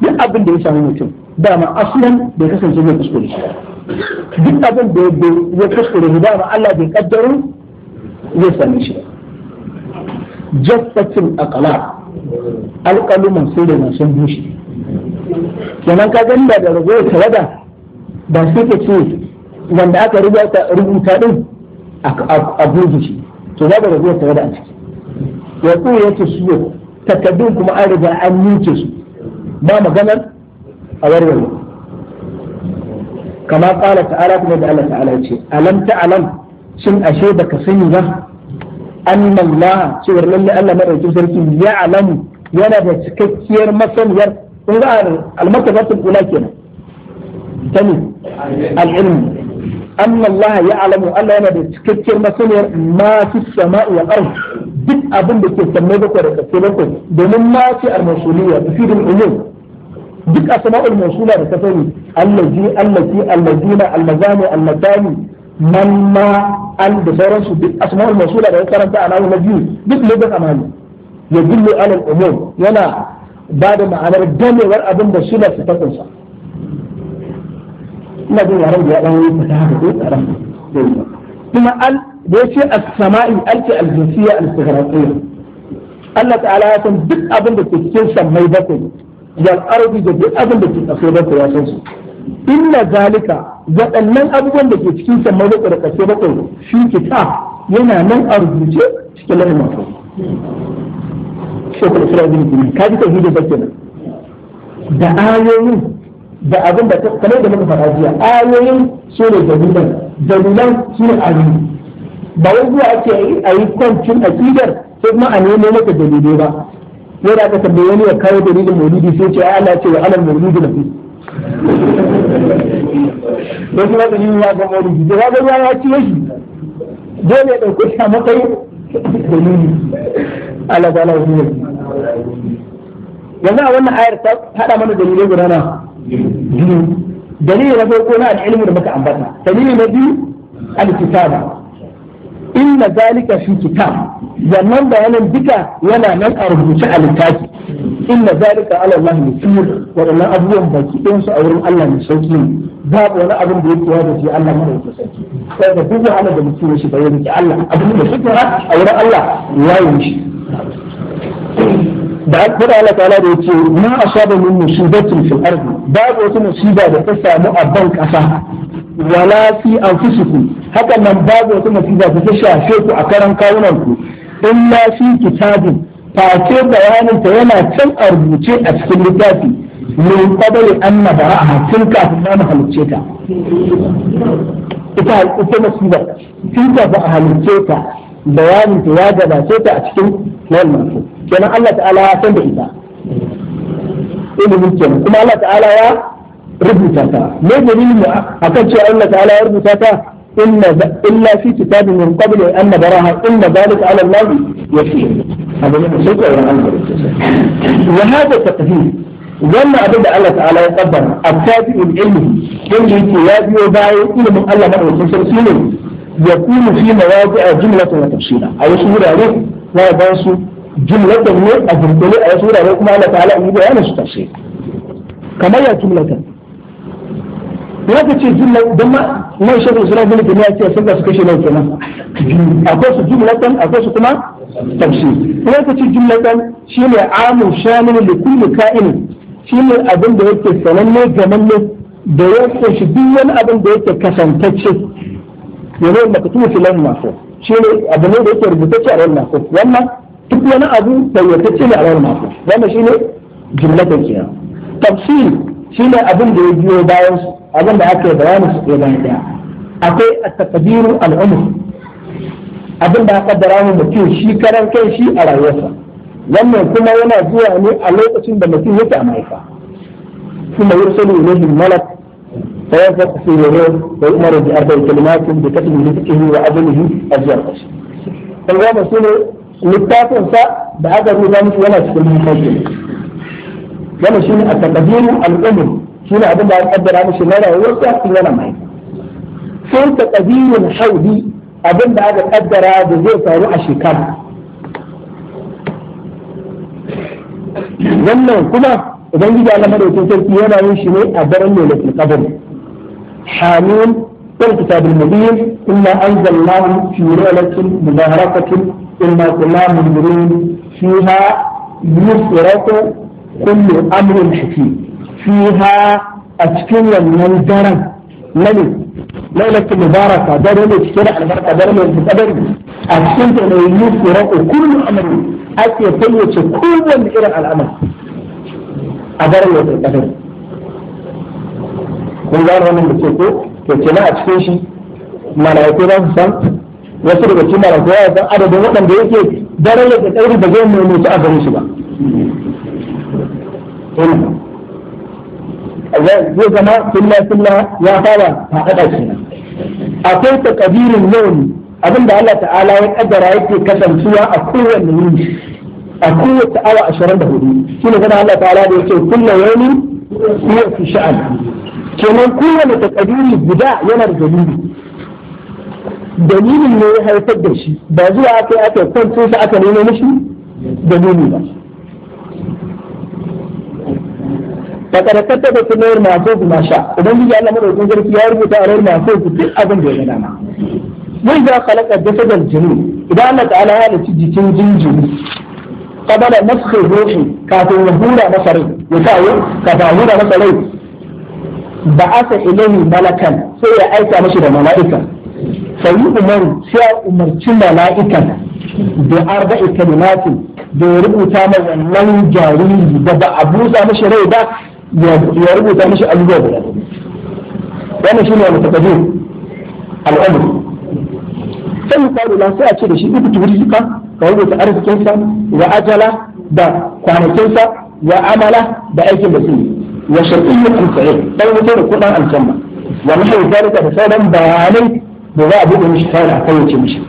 duk abin da ya samu mutum dama asalin bai kasance zai kuskure shi duk abin da ya kuskure shi dama Allah bai kaddaro zai same shi jaffacin akala alƙaluman sai da masu bushe kenan ka ganda da ragowar tawada ba sai ka ce wanda aka rubuta din a shi. to za ka rabuwar tare da a ciki ya tsoye ta su takaddun kuma an riga an yanke su ba maganar a warware kama kala ta'ala kuma da Allah ta'ala ya ce alam ta'alam shin ashe baka sani ba anna Allah cewar lalle Allah madaukakin sarki ya alamu yana da cikakkiyar masaniyar kun ga al-makasatul ula kenan sani al an anna ya alamu Allah yana da cikakken masaniyar ma fi sama'i wal ard duk abin da ke sammai bakwai da kasai bakwai domin ma ce al-masuliya tufidul ulum duk asma'ul mawsula da ta sani allazi allati allazina allazani allatani man ma al da sauransu duk asma'ul mawsula da karanta a nawo na biyu duk lugan amani ya dillu alal umum yana ba da ma'anar gamewar abin da suna su ta ina jin yaran da ya dan wani ta haka ko karam. kuma al da yace as-sama'i al ce al-jinsiyya al-istighraqiyya Allah ta'ala ya san duk abin da ke cikin samai bakwai wal ardi da duk abin da ke kasai bakwai ya san su inna zalika waɗannan abubuwan da ke cikin sammai bakwai da kasai bakwai shi kitab yana nan a rubuce cikin lahin mafi shekul isra ibn kaji tauhidin bakwai da ayoyin da abin da kamar da muka faɗa jiya ayoyin su ne dalilan dalilan su ne ayoyi ba wai zuwa ake a yi kwancin akidar ko kuma a nemo maka dalilai ba yau da aka tambaye wani ya kawo dalilin maulidi sai ce ai Allah ce wa alal maulidi na fi don kuma da yin ya ga maulidi da ga ruwa ya ci shi dole ya dauke shi a matsayin dalili Allah ta Allah ya yanzu a wannan ayar ta hada mana dalilai guda na biyu dalili na farko na al'ilmu da muka ambata Dalilin na biyu al-kitaba inna zalika fi kitab wannan bayanan duka yana nan a rubuce a littafi inna zalika ala Allah yusir wadannan abubuwan baki ɗin su a wurin Allah mai sauki ne babu wani abin da yake wada shi Allah mai sauki sai da duk wahala da mutum shi bayan ki Allah abin da shi a wurin Allah ya yi shi da an fara Allah ta'ala da yace ma asaba min musibatin fil ardi babu wata musiba da ta samu a ban kasa wala fi anfusikum hakan nan babu wata musiba da ta shafe ku a karan kawunan ku illa fi kitabin face bayanin ta yana can a rubuce a cikin littafi min qabli an nabra'a tun kafin ma mu halicce ta ita ita musiba tun kafin a halicce ta bayanin ta ya gabace ta a cikin wannan kenan Allah ta'ala ya san da ita ilimin kenan kuma Allah ta'ala ya rubuta ta me dalilin mu akan cewa Allah ta'ala ya rubuta ta inna illa fi kitabin min qabl an nabaraha inna dhalika 'ala Allah yasir hada ne sai ko ran Allah wa hada taqdir wannan abin da Allah ta'ala ya kabbara at-tabi'u ilmi wanda yake ya biyo bayan ilimin Allah madaukakin sarki ne yakunu fi mawadi'a jumlatan wa tafsila a wasu wurare za a su jumlatan ne a jumlale a wasu wurare kuma Allah ta'ala yi bayanin su tafsir kamar ya jumlatan ya ka ce jumla don ma mai shafin sura bin kuma ya ce sun ga su kashe nan kenan akwai su jumlatan akwai su kuma tafsir ya ka ce shi ne amun shamil li kulli ka'in ne abin da yake sananne gamanne da ya kunshi duk wani abin da yake kasantacce yanzu makatubu filan mafi shi ne abu ne da yake rubutacce a wannan wannan duk wani abu bayyatacce ne a ranar mafi wannan shi ne jimlatan kenan tafsir shi ne abin da ya biyo bayan su abin da aka yi bayanin su ɗaya bayan ɗaya akwai a takabiru al'umur abin da aka dara mu mutum shi karan kai shi a rayuwarsa wannan kuma yana zuwa ne a lokacin da mutum yake a mahaifa kuma yursalu ilayhi malak fa yanfaqu fi ruhi wa yu'maru bi arba'i kalimatin bi katbi rizqihi wa ajlihi ajra kashi kan ga su ne littafinsa da aka rubuta musu yana cikin littafi yana shi ne a takadiru al'umur shi ne abin da aka kaddara mishi na rayuwarsa sun yana mai sai takadirin haudi abin da aka kaddara da zai faru a shekara wannan kuma ubangiji Allah madaukakin sarki yana yin shi ne a daren lailatul qadr hamim wal kitabul mubin inna anzalnahu fi lailatin mubarakacin. إنا كنا منذرين فيها يفرق كل أمر حكيم فيها أتكلم من درن لمن ليلة مباركة درن الشرع البركة درن القدر أتكلم أن يفرق كل أمر أتي فيك كل إلى الأمر أدرن القدر kun gano wannan da ke ko to kenan a cikin shi mala'iku za su san wasu daga cikin malam ya san adadin waɗanda yake darajar da ɗauri ba zai nemi su a gare shi ba zai zama sulla sulla ya fara ta haɗa shi akwai takadirin yawon abin da Allah ta'ala ya kaddara yake kasancewa a kowanne yini a kowace awa ashirin da hudu shi ne gana Allah ta'ala da yake kulla yawon kuwa fi sha'an kenan kowane takadiri guda yana da dalili dalilin ne ya haifar da shi ba zuwa aka yi aka kwanto shi aka nemo mishi dalili ba fakar da su mayar masu sha, idan biyu Allah madaukakin sarki ya rubuta a rayar masu duk abin da ya dama wai za ka laka jasadar jini idan Allah ta'ala ya halitta jikin jinjiri kabala nafsi ruhi kafin ya hura masa rai ya kawo kafin ya hura masa rai ba asa ilahi malakan sai ya aika mashi da mala'ika sayi umaru sai a umarci mala'ikan da arba'i kalimatin da ya rubuta ma wannan jariri da ba a busa mashi rai ba ya rubuta mashi abubuwa guda wannan shine wani takadir al'amur sai misali na sai a ce da shi ibu tubrika ka rubuta arzikinsa wa ajala da kwanakinsa ya amala da aikin da su wa shar'iyyu al-sa'id dan wuce da kudan aljanna wa nahu zalika da sauran bayanai da za a buɗe mishi tare a kawance mishi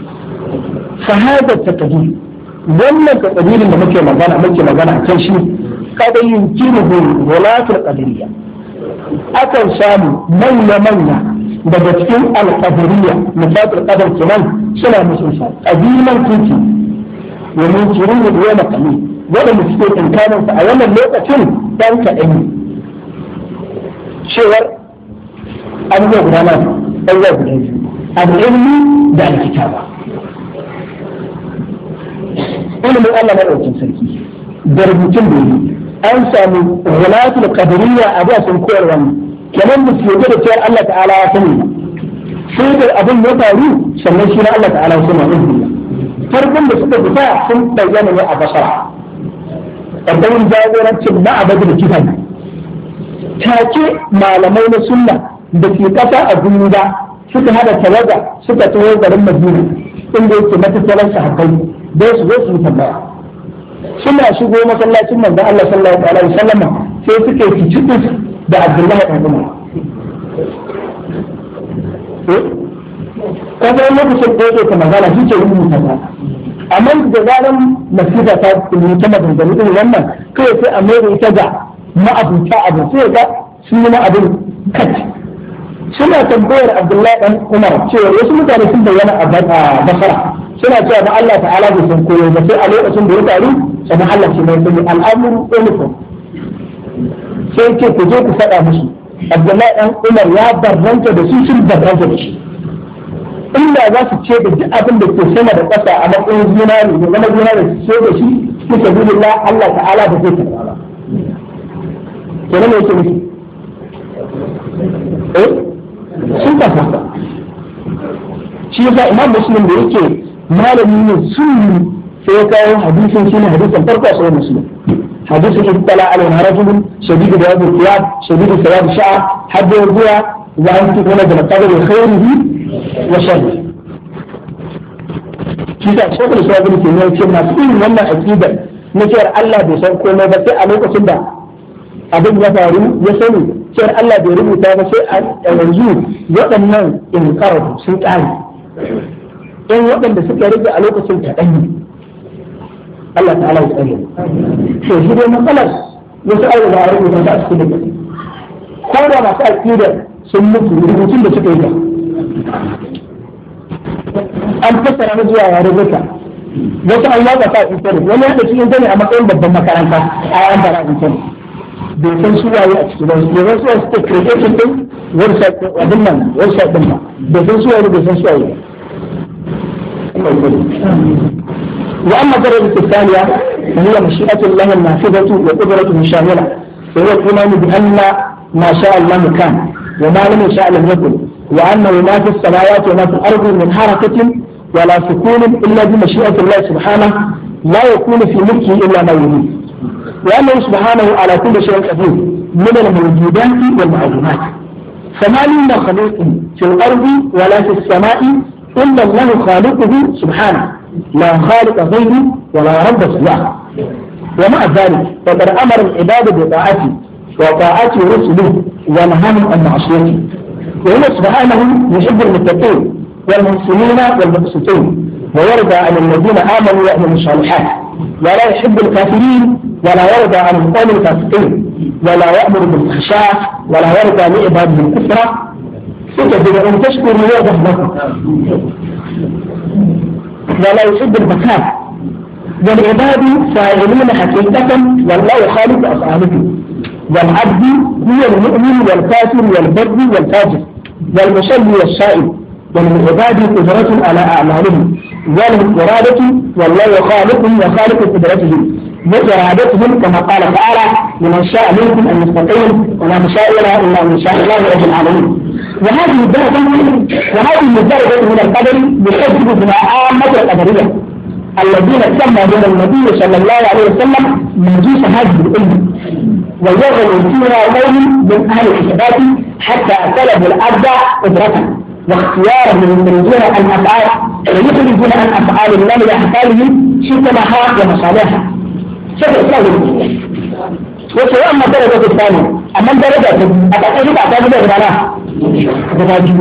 fahadar ta kabiru wannan ka da muke magana muke magana a kan shi kada yin walatul qadiriyya akan samu manya manya daga cikin alqadiriyya musatul qadar kenan suna musu sa qabilan kunki wa min kirhu wa maqami wanda suke tsinkanin sa a wannan lokacin dan kaɗan ne cewar an guda nan abubuwa guda biyu al'ilmi da alkitaba ilimin Allah madaukakin sarki da rubutun da an sami wulatul qadariyya a ba sun koyar wannan kenan da su da cewa Allah ta'ala ya sani sai da abin ya faru sannan shi na Allah ta'ala ya sani farkon da suka fita sun bayyana ne a basara ɗanɗanin jagorancin ma'abadin take malamai na sunna da ke ƙasa a ba. suka hada tawaga suka taho garin madina inda yake matattalar sahabbai dai su zo su tambaya suna shigo masallacin manzon Allah sallallahu alaihi wasallam sai suke kicikus da Abdullahi ibn Umar eh? kaga lokacin da yake ta magana shi ke rubuta ta amma da zaran nasiba ta rubuta maganganu din wannan kai sai a mai ita ga ma'abuta abu sai ga sun yi abin kaci suna tambayar Abdullahi dan Umar cewa wasu mutane sun bayyana a Basra suna cewa ba Allah ta'ala bai san koyo ba sai a lokacin da ya taru sannan Allah shi mai sani al'amuru ulufun sai ce ku je ku faɗa musu Abdullahi dan Umar ya barranta da su sun barranta da shi inda za su ce da duk abin da ke sama da ƙasa a matsayin ne da zama zinari ne sai da shi su sabilillah Allah ta'ala ba zai karɓa ba kenan ne yake nufi eh sun ba haka shi yasa imam muslim da yake malami ne sunni sai ya kawo hadisin shi ne hadisin farko a sahih muslim hadisin ibtala al harajul shadidu da yabu qiyab shadidu sawab sha'a hadda ruya wa antukuna bil qadri khairihi wa sharrihi shi da shekul sabin ke ne ce masu irin wannan aqidar na cewar Allah bai san komai ba sai a lokacin da abin ya faru ya sani sai Allah bai rubuta ba sai a yanzu waɗannan in karatu sun ƙare ɗan waɗanda suka rage a lokacin kaɗan ne Allah ta'ala ya tsare to shi dai matsalar wasu aure da aure ba za su kuma ko da masu aƙida sun mutu rubutun da suka yi ba an fassara na zuwa yare duka wasu an yaba sa intanet wani yadda cikin intanet a matsayin babban makaranta a yan bara intanet bai san su waye a cikin wasu bai san su waye su take kreke kin din wasa abin nan wasa din ba bai san su waye bai san su waye wa amma darajar ta tsaliya ni ya mashiyatu Allah na fi da tu da kudratu mushamila sai ya kuma ni bi Allah ma sha Allah mu kan wa ma lam sha Allah ya kun wa anna ma fi samawati wa ma fi ardi min harakatin wa la sukunin illa bi mashiyatu Allah subhanahu la yakunu fi mulki illa ma وأنه سبحانه على كل شيء قدير من الموجودات والمعلومات فما من خليق في الأرض ولا في السماء إلا الله خالقه سبحانه لا خالق غيره ولا رب سواه ومع ذلك فقد أمر العباد بطاعته وطاعة رسله ونهاهم عن معصيته وهو سبحانه يحب المتقين والمحسنين والمقسطين ويرضى عن الذين آمنوا وأهلوا الصالحات ولا يحب الكافرين ولا يرضى عن القوم الفاسقين ولا يأمر بالخشاع ولا يرضى لعباده الكفر ستجد أن تشكر يرضى لكم ولا يحب البكاء والعباد فاعلون حقيقة والله خالق أفعالهم والعبد هو المؤمن والكافر والبر والفاجر والمصلي والصائم عبادي قدرة على أعمالهم ذلك إرادة والله خالقهم وخالق قدرتهم إرادتهم كما قال تعالى لمن شاء منكم أن يستقيم وما مشاء إلا من شاء الله رب العالمين وهذه الدرجة وهذه الدرجة من القدر يحجب بها عامة القدرية الذين سمى بهم النبي صلى الله عليه وسلم مجوس هذه الأمة ويغلوا فيها قوم من أهل الحسابات حتى طلبوا الأبدع قدرته واختيار من دون ان أفعال دون ان أفعال الله لاحفاده حكمها ومصالحها شكرا سهل وسواء أما درجة الثانية أما الدرجة أتأكد أعتاد الله غلانا غلاجي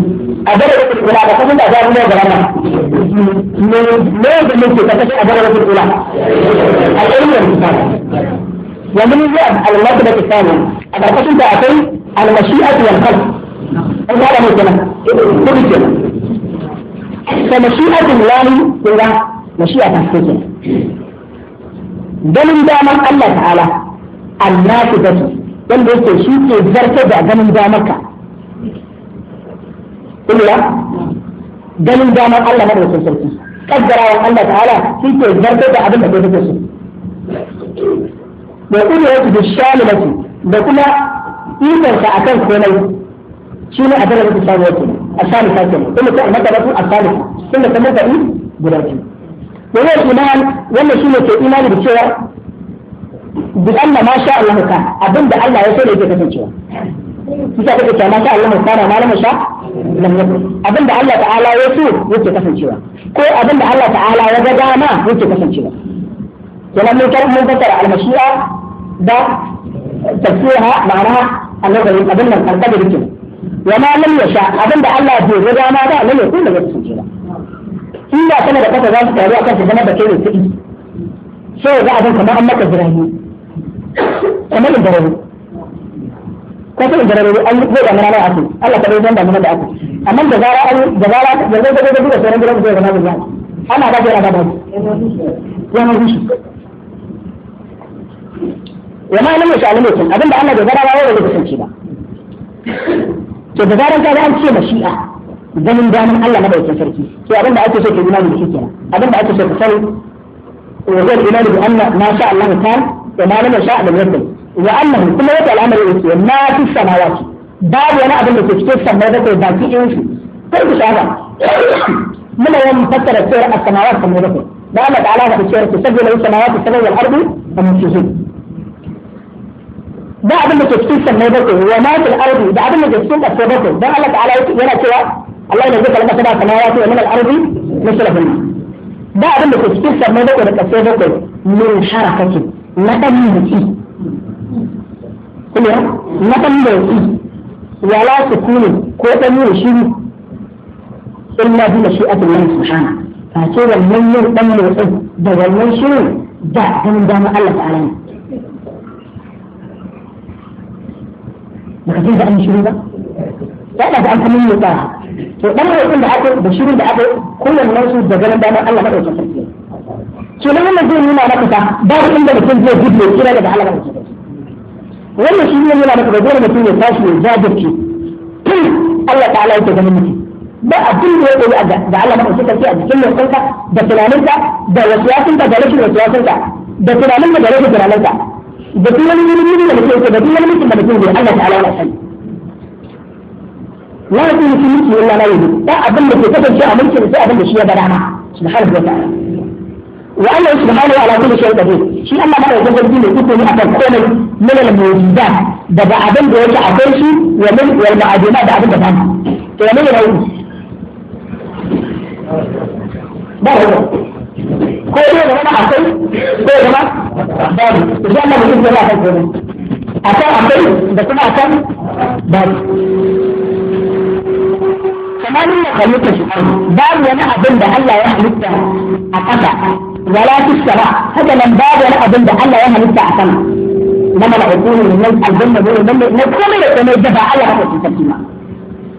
الدرجة الأولى أتأكد أعتاد الله غلانا ليه ممكن تتأكد الدرجة الأولى العلم والإنسان ومن يجب على المرتبة الثانية أتأكد أعتاد المشيئة والقلب an gada mai kenan eh, eh, kudi kenan fa mashi'atul lahi kura mashi'a ta ce kenan ganin damar Allah ta'ala annafi batu wanda yake shi ke zarta da ganin damarka kullura ganin damar Allah na da sarki kaddarawan Allah ta'ala shi ke zarta da abin da kai kake so wa kullu yatu bishalimati da kuma ikon sa akan komai shi ne a dara da tsari wato a sani sake kuma ta mata da a sani sun da kamar da guda biyu wannan iman wannan shi ne ke imani da cewa bi anna ma sha Allah ka abinda Allah ya so ne yake kasancewa kisa kake cewa ma sha Allah ka na malama sha lam yakun abinda Allah ta'ala ya so yake kasancewa ko abinda Allah ta'ala ya ga dama yake kasancewa kenan mun kar mun bakar al-mashi'a da tafsirha ma'ana annabi abin nan karkabe dukkan wa ma lam yasha abinda Allah bai ga dama ba ne ne kun da su ji ba in ba kana da kasa za su taru akan su zama da kai ne kudi sai ga abin kamar an maka birane kamar in barawo ko sai in barawo an yi goda mana a ku Allah ta bai da mana da aku amma da zara an da zara da zai da zai da sauran da zai zama da ana ba da ana ba yana shi. wa ma lam yasha lam yakun abinda Allah bai ga dama ba zai kasance ba to da zaran ka ga an ce mashi'a ganin daman Allah na bayyana sarki to abin da ake so ka imani da shi kenan abin da ake so ka sani wa zai imani da Allah ma sha Allah ta da ma lam sha Allah yadda wa annahu kuma wata al'amari yake ma fi samawati babu wani abin da ke cikin samai da kai baki in shi sai ku shaba muna yin fassara cewa as-samawati kamar da Allah ta'ala ya ce sabbin samawati sabawal ardi wa min ba abin da ke cikin sannai bakwai wa ma fil ardi da abin da ke cikin kasai bakwai dan Allah ta'ala yana cewa Allah ne zai kalmata da samawati wa min al ardi mislahun ba abin da ke cikin sannai bakwai da kasai bakwai min harakati na dan mutsi kuma na dan mutsi wala sukuni ko dan yin shiru illa bi mashi'atillahi subhanahu fa ce wannan yin dan mutsi da wannan shirin da ganin dama Allah ta'ala ne ba ka da an shiru ba ya da an kuma yi tsara to dan roƙin da aka da shirin da aka kullum su da ganin damar Allah madaukakin sarki to nan wannan zai nuna maka ta babu inda mutum zai gudu kira daga Allah madaukakin sarki wannan shi ne nuna maka da dole mutum ya tashi ya jajirce Allah ta'ala yake ganin mutum ba abin da ya koyi da Allah madaukakin sarki a cikin lokacin da tunaninka da wasu wasiyatinka da rashin wasiyatinka da tunanin da rashin tunaninka da duk wani mulki da mutum da duk wani mulki da mutum bai Allah ta'ala ya sani la yakun fi mulki illa la yuridu da abin da ke kasance a mulkin sai abin da shi ya ga dama subhanahu wa ta'ala wa Allah subhanahu wa ta'ala shi da shi Allah ma da gaggauci ne kuke ne akan komai min al-mawjudat daga abin da yake akwai shi wa min wal ma'aduna da abin da ba to ne ne ba ba ko ne da mana akwai ko da ma babu idan na mutum zama akan komai akan akwai da kuma akan babu kamar yin halitta shi babu wani abin da Allah ya halitta a ƙasa wala fi sama haka nan babu wani abin da Allah ya halitta a sama na mala'iku ne na aljanna ne na komai da komai da ba Allah haka ke tafi ma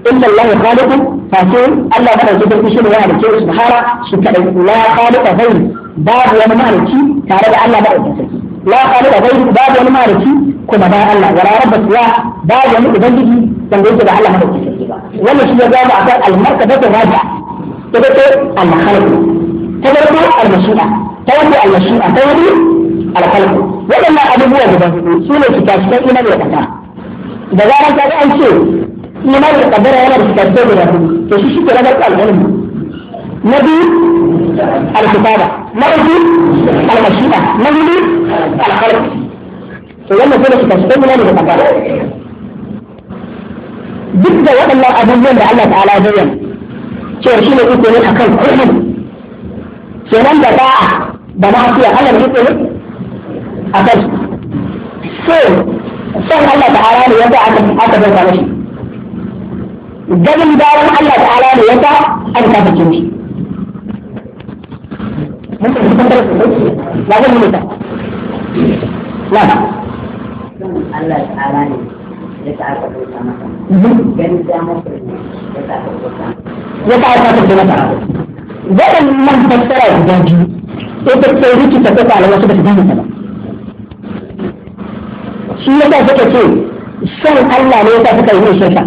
إلا الله خالق فاتون الله بدأ جدا في شنو واحد كيف سبحانه شكرا لا خالق غيره babu wani malaki tare da Allah madaukakin sarki la khaliqa ghayru babu wani malaki kuma ba Allah wala rabba siwa babu wani ubangiji wanda yake da Allah madaukakin sarki ba wannan shi ne za mu akan al-martabatu rabi'a ita ce al-khalq ta farko al-mashi'a ta wani al-mashi'a ta wani al-khalq waɗannan abubuwa guda hudu su ne cikakken imani da kasa da zarar ka ga an ce imani da kadara yana da cikakken guda hudu to shi shi ke rabar al'ilmi na biyu al na uku al na biyu al-khalq to wannan dole su fasikai muna ne da tsaka duk da waɗannan abubuwan da Allah ta'ala ya bayyana cewa shi ne iko ne akan kullum nan da da'a da ma'asiya Allah ne iko ne akan so son Allah ta'ala ne yadda aka aka bayyana shi gabin dawon Allah ta'ala ne yadda an kafa kinshi mun tafi kan darasin dauki ya zan na Allah ta'ala ne ya ta aka dauka masa mhm. ganin damar ya ta aka dauka ya ta aka dauka masa waɗannan fassara guda biyu ita ce rikita ta kwalwa su ba ta ya sa ce Allah ne ya sa suka yi shirka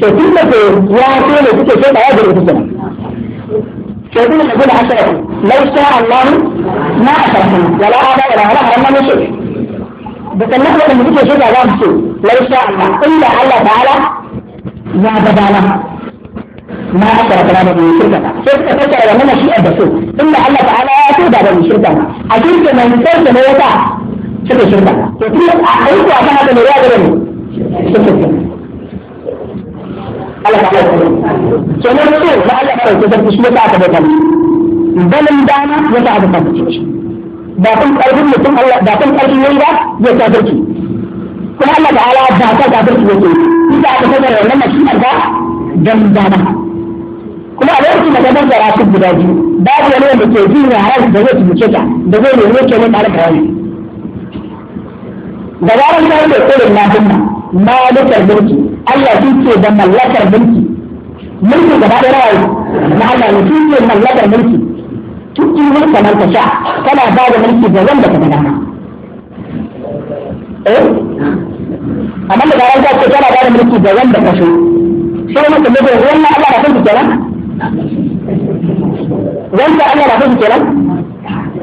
to tun da ya so ne suke shirka ya gudu suke nan. a لو شاء الله ما أشركنا ولا آباء ولا ولا حرمنا من شيء بس النحو اللي بيجي يشوف عذاب شيء لو شاء الله إلا الله تعالى ما بدانا ما أشركنا من شركنا شركة تشعر من شيء بسيط إلا الله تعالى يتوب من شركنا أكيد كما ينسى كما يتعب شركة شركنا وكيف أعيش وأنا هذا مريض شركة Allah ta haifu. Kenan ce ba Allah ta haifu da shi ne ta haifu da ganin dama ya sa abu kafirce shi ba kun karfin mutum Allah ba kun karfin yayi ba ya kafirce kuma Allah ta'ala ba da kafirce yake kika aka sanar da wannan shi da dan dama kuma a lokacin da gaban da rasu guda biyu babu wani wanda ke jin yaran da zai tuce ta da zai ne ke ne tare da wani da zaran da yake irin na dinna malikar mulki Allah shi ke da mallakar mulki mulki gaba ɗaya na Allah ne shi ke mallakar mulki tuki mulka kamar ta sha kana ba da mulki ga wanda ka dama eh amma da ran ka kana ba da mulki ga wanda ka so sai mutum ne wannan Allah ya san kenan wanda Allah ya san kenan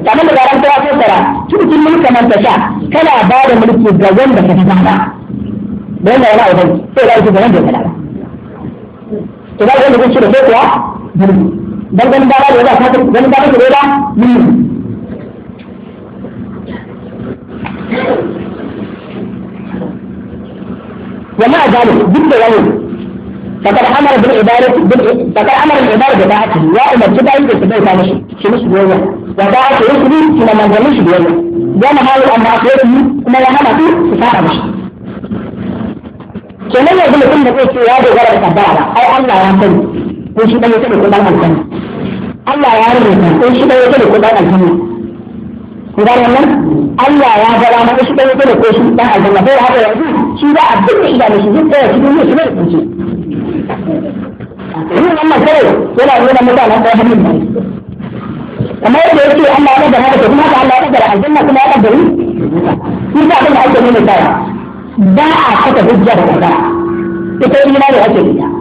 kamar da ran ka fassara tuki mulka kamar ta sha kana ba da mulki ga wanda ka dama dan da wani abu sai da shi ga wanda ka dama to ba da mulki da sai kuwa mulki dan ganin dama da ya ba ganin dama da ya ومع ذلك جد يوم فقد امر بالعبارة فقد امر العبارة بطاعته يا امر كده انت تبقى تعمل شو مش بيوم وطاعته يسري كما ما نزلوش بيوم ده انا حاول ان اخرته كما يا هنا في سفاره مش يقول لك انك ايه يا دي غير او الله يا ko shi ɗaya kada kuɗin Allah ya rubuta ko shi ɗaya kada kuɗin ku wannan Allah ya shi ɗaya kada ko ɗan haka yanzu shi za a shi duk ne shi ne wannan yana nuna mutanen hannun kamar yadda yake Allah ya kuma Allah ya aljanna kuma ya shi ba da ake nuna ba a saka hujja da kaza ita da ake nuna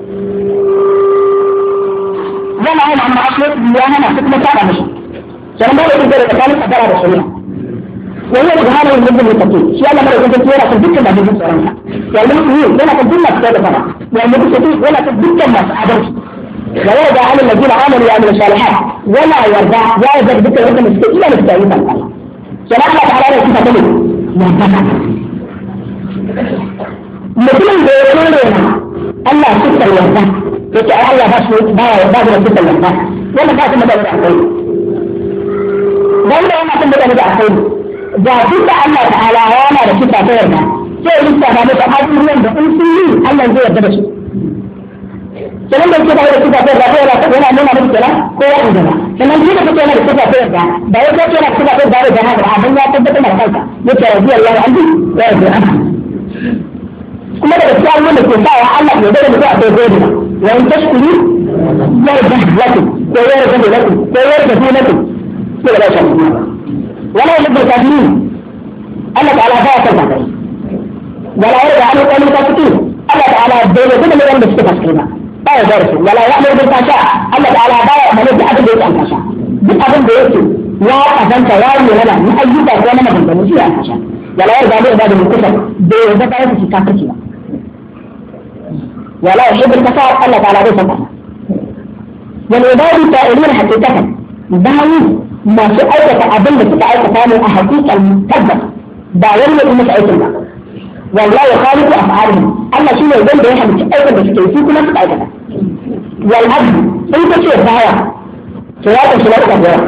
zan hau amma ashe ya hana su kuma saba musu sanan ba da kuma da tsakanin tsara da sunna wannan da hana yin gudun mutaki shi Allah mara gudun yana kan dukkan da gudun tsaron sa yanzu mutum yi yana kan dukkan masu da fara yanzu mutum yi yana kan dukkan masu adalci wa yarda alil ladina amanu wa amilus salihat wala yarda ya yarda dukkan wanda suke iya da tsayi kan Allah sanan Allah ta halala shi ta bane mutum da ya kore na Allah sukar yarda yake ai Allah ba su ba ya ba da sukar yarda wannan ba su mutane da akwai wanda yana son mutane da akwai da duka da Allah ta'ala yana da kita ta yarda sai lissa ba da abubuwan da in sun yi Allah zai yarda da su sannan da suka bayar da sukar ta yarda ko yana nuna muku kenan ko ya yarda ba ji da kake yana da sukar ta yarda ba ya kace yana kita ta yarda da haka amma ya tabbatar da kanka yake radiyallahu anhu wa radiyallahu anhu kuma daga cikin abubuwan da ke sa ya Allah ya gode mutum akwai gode wa in tashkuru yarda lakum ko yarda lakum ko yarda fi lakum ko da shan wala yuhibbul kafirin Allah ta'ala ba ya san ba wala yarda an qalu fasiqin Allah ta'ala bai da duk wanda suke fasike ba ba ya darsu wala ya'muru bil fasha Allah ta'ala ba ya amana da abin da yake alfasha duk abin da yake ya kazanta ya yi lana ni ayyuka ko na maganganu shi ya alfasha wala yarda bai da mutum bai yarda ba ya fi kafirci ba ولا يحب الكفار الا لك به سبحانه الفساد والعباد سائلون حقيقة باوي ما في أيضا أبن بك أيضا كانوا أحاديث المكذبة باوي إنك أيضا والله يخالف أفعالهم أما شنو يقول ده يحب أيضا بس كيفي كنا في أيضا والعدل أنت شو الدعوة سواء سواء الدعوة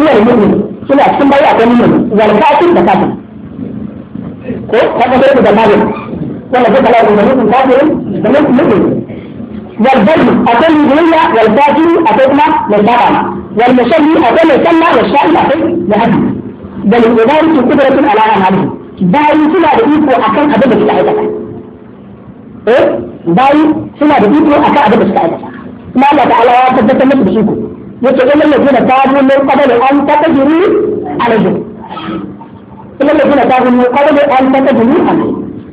هو المؤمن سواء سمبا يأتي المؤمن والكاتب بكاتب كيف؟ هذا غير مدمر ولا جد له ذنوب كافر ذنوب مؤمن والبر أتم بنية والباكر أتمنى والبطن والمشري أتم سنة والشاعر أتم لهم بل الإدارة قدرة على أعماله باي سنة بإيكو أكن أبدا في الحيطة إيه باي سنة بإيكو أكن أبدا في الحيطة ما الله تعالى يتبت مثل بإيكو يتقل الذين تابوا من قبل أن تقدروا عليهم إلا الذين تابوا من قبل أن تقدروا عليهم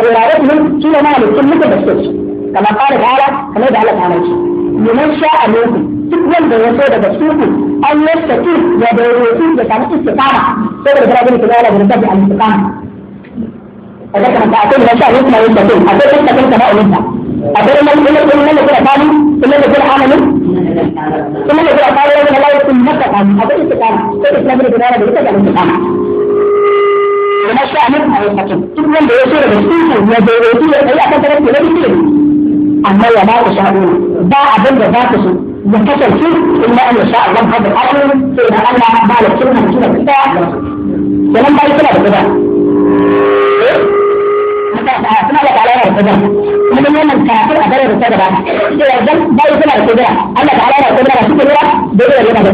ورياضتهم كل ما لكل مثل بسيط كما قال تعالى كما يدعى لك عمل شيء لمن شاء منكم تكون بيسوه ده بسيط أن يستطيع يدوريسي بسانة استطاعة سورة الدراجين في الأولى من الدرجة المستقامة أقول لك أنت أقول لك أنت أقول لك أنت أقول لك أنت أقول لك أنت أقول لك أنت أقول لك أنت أقول لك أنت أقول لك أنت أقول لك أنت أقول لك أنت أقول لك أنت أقول لك da na sha nan a yankin duk wanda ya so daga cikin su ya bai wai ya kai akan tare da shi amma ya ba ku sha'u ba abin da za ku so ya kasance in ma Allah sha Allah ka da aure sai da Allah ba da sunna kina kita sanan bai kula da gida suna da alaƙa da gida kuma wannan kafin a gare da ta gaba da yanzu bai kula da gida Allah ta alaƙa da gida da su gida da gida da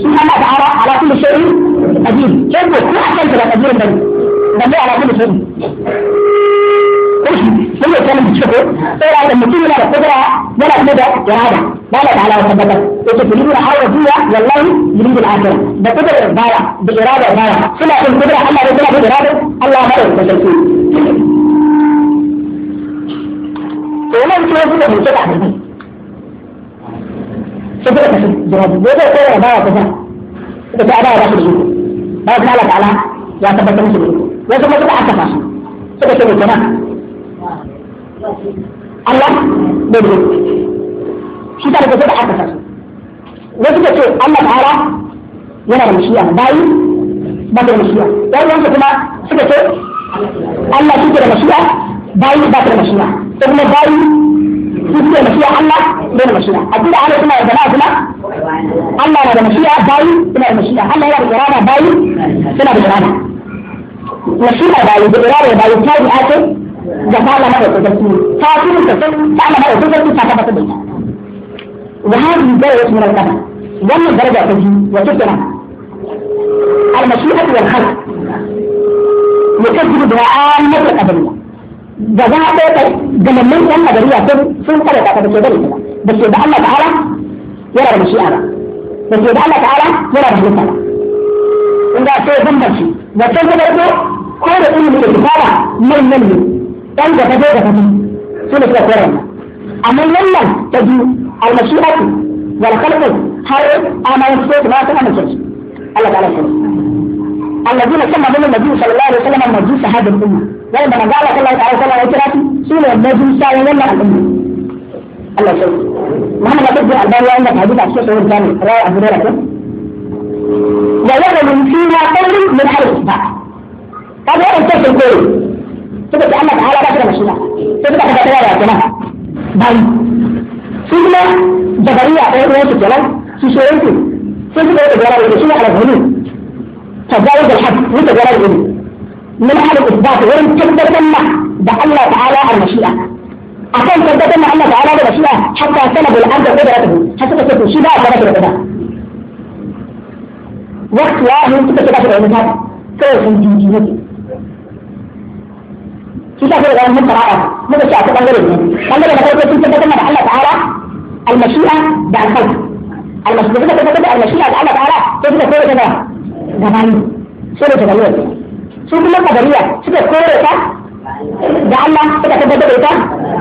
su Allah ta'ala ala kulli shay'in قديم شوفوا كل احسن تبقى قديم ده ده على كل شيء كل الكلام بتشوفه ترى لما تيجي على القدرة ولا كده يا هذا بالك على وثبتك انت تريد الحاجة فيها والله يريد العافية ده قدر بالإرادة إدارة سمع القدرة الله يريد بالإرادة الله ما يريد فهنا انت لازم تنفتح بالبيت فكرة جواب وده كده بقى كده بتاع بقى داخل ba Allah ta'ala ya tabbatar musu ne kuma aka fasu suka ce mai jama'a Allah ne ne shi ta da aka fasu wasu ka ce Allah ta'ala yana da mashiya bayi ba da mashiya kuma suka ce Allah shi ke da mashiya bayi ba da mashiya kuma bayi suke mashiya Allah bai da mashiya akida Allah suna da nafila Allah na da mashiya bayi suna da mashiya Allah yana da irada bayi suna da irada mashiya bayi da irada bayi ta yi ake da ta Allah mara tsarki ta kuma ta san ta Allah mara tsarki ta tabbata da ita wa hadi dawlat min al-qada wannan daraja ta biyu wace kenan al-mashi'a wal khalq يكذب دعاء مثل قبلنا a ɗaya da mamman yan nagariya don sun kare ta da ke bari da ke da Allah ta'ala yana da mashi'a ba da ke da Allah ta'ala yana da halitta in ga sai bambanci da ta farko ko da ilimi da nan nan ne ɗan da ta da ta su ne suka koyar amma nan ta biyu almashi'atu wal khalqu har amalan sai ba ta shi Allah ta'ala shi الذين سمى بهم النبي صلى الله عليه وسلم المجوس هذه الأمة ولما قال صلى الله عليه وسلم وكراتي سورة النجوس ولا الأمة الله يسلمك محمد عبد الألباني عندك حديث عن الشيخ الثاني رواية أبو هريرة ويرغب فينا قول من أهل الإتباع هذا وين الشيخ الكوري تبقى تعمل على بشر مشينا تبقى تبقى يا جماعة بل سيدنا جبرية أو رواية الجلال في شوريتي سيدنا جبرية الجلال على الهنود تجاوز الحد وتجاوز من أهل الإثبات غير تثبت بأن الله تعالى المشيئة عشان تثبت لنا الله تعالى المشيئة حتى سلبوا الأرض قدرته حتى تثبتوا شيء ده وقت لا يمكن تثبت العلمات كيف يمكن shi ta daga wannan fara'a muka ce a ta bangare ne bangare da farko sun tabbatar da Allah ta'ala al-mashi'a da al-khalq al-mashi'a da tabbatar da bayi su ne jabariya su kuma kadariya suka kore ta da Allah suka tabbatar da ita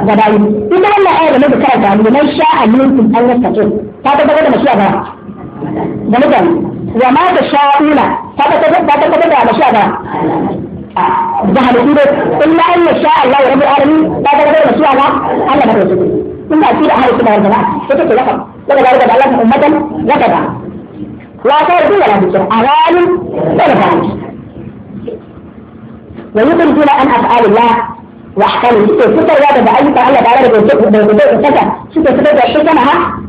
da bayi ita wannan ayar da karanta mu nan sha aminkum ta yastaqi ta tabbatar da mashiya ba da mutane wa ma ta sha'una ta tabbatar da mashiya ba da halittu ne illa an Allah ya rabu ta tabbatar da mashiya ba Allah ba ta yi kun shi da halittu da wanda ba ta ce lafa daga da Allah ta ummatan وآثار كل الأبجر أغاني والغاني ويخرجون عن أفعال الله وأحكامه ستة رياضة بأي فعل الله تعالى بيوتيك بيوتيك ستة ستة ستة ستة ستة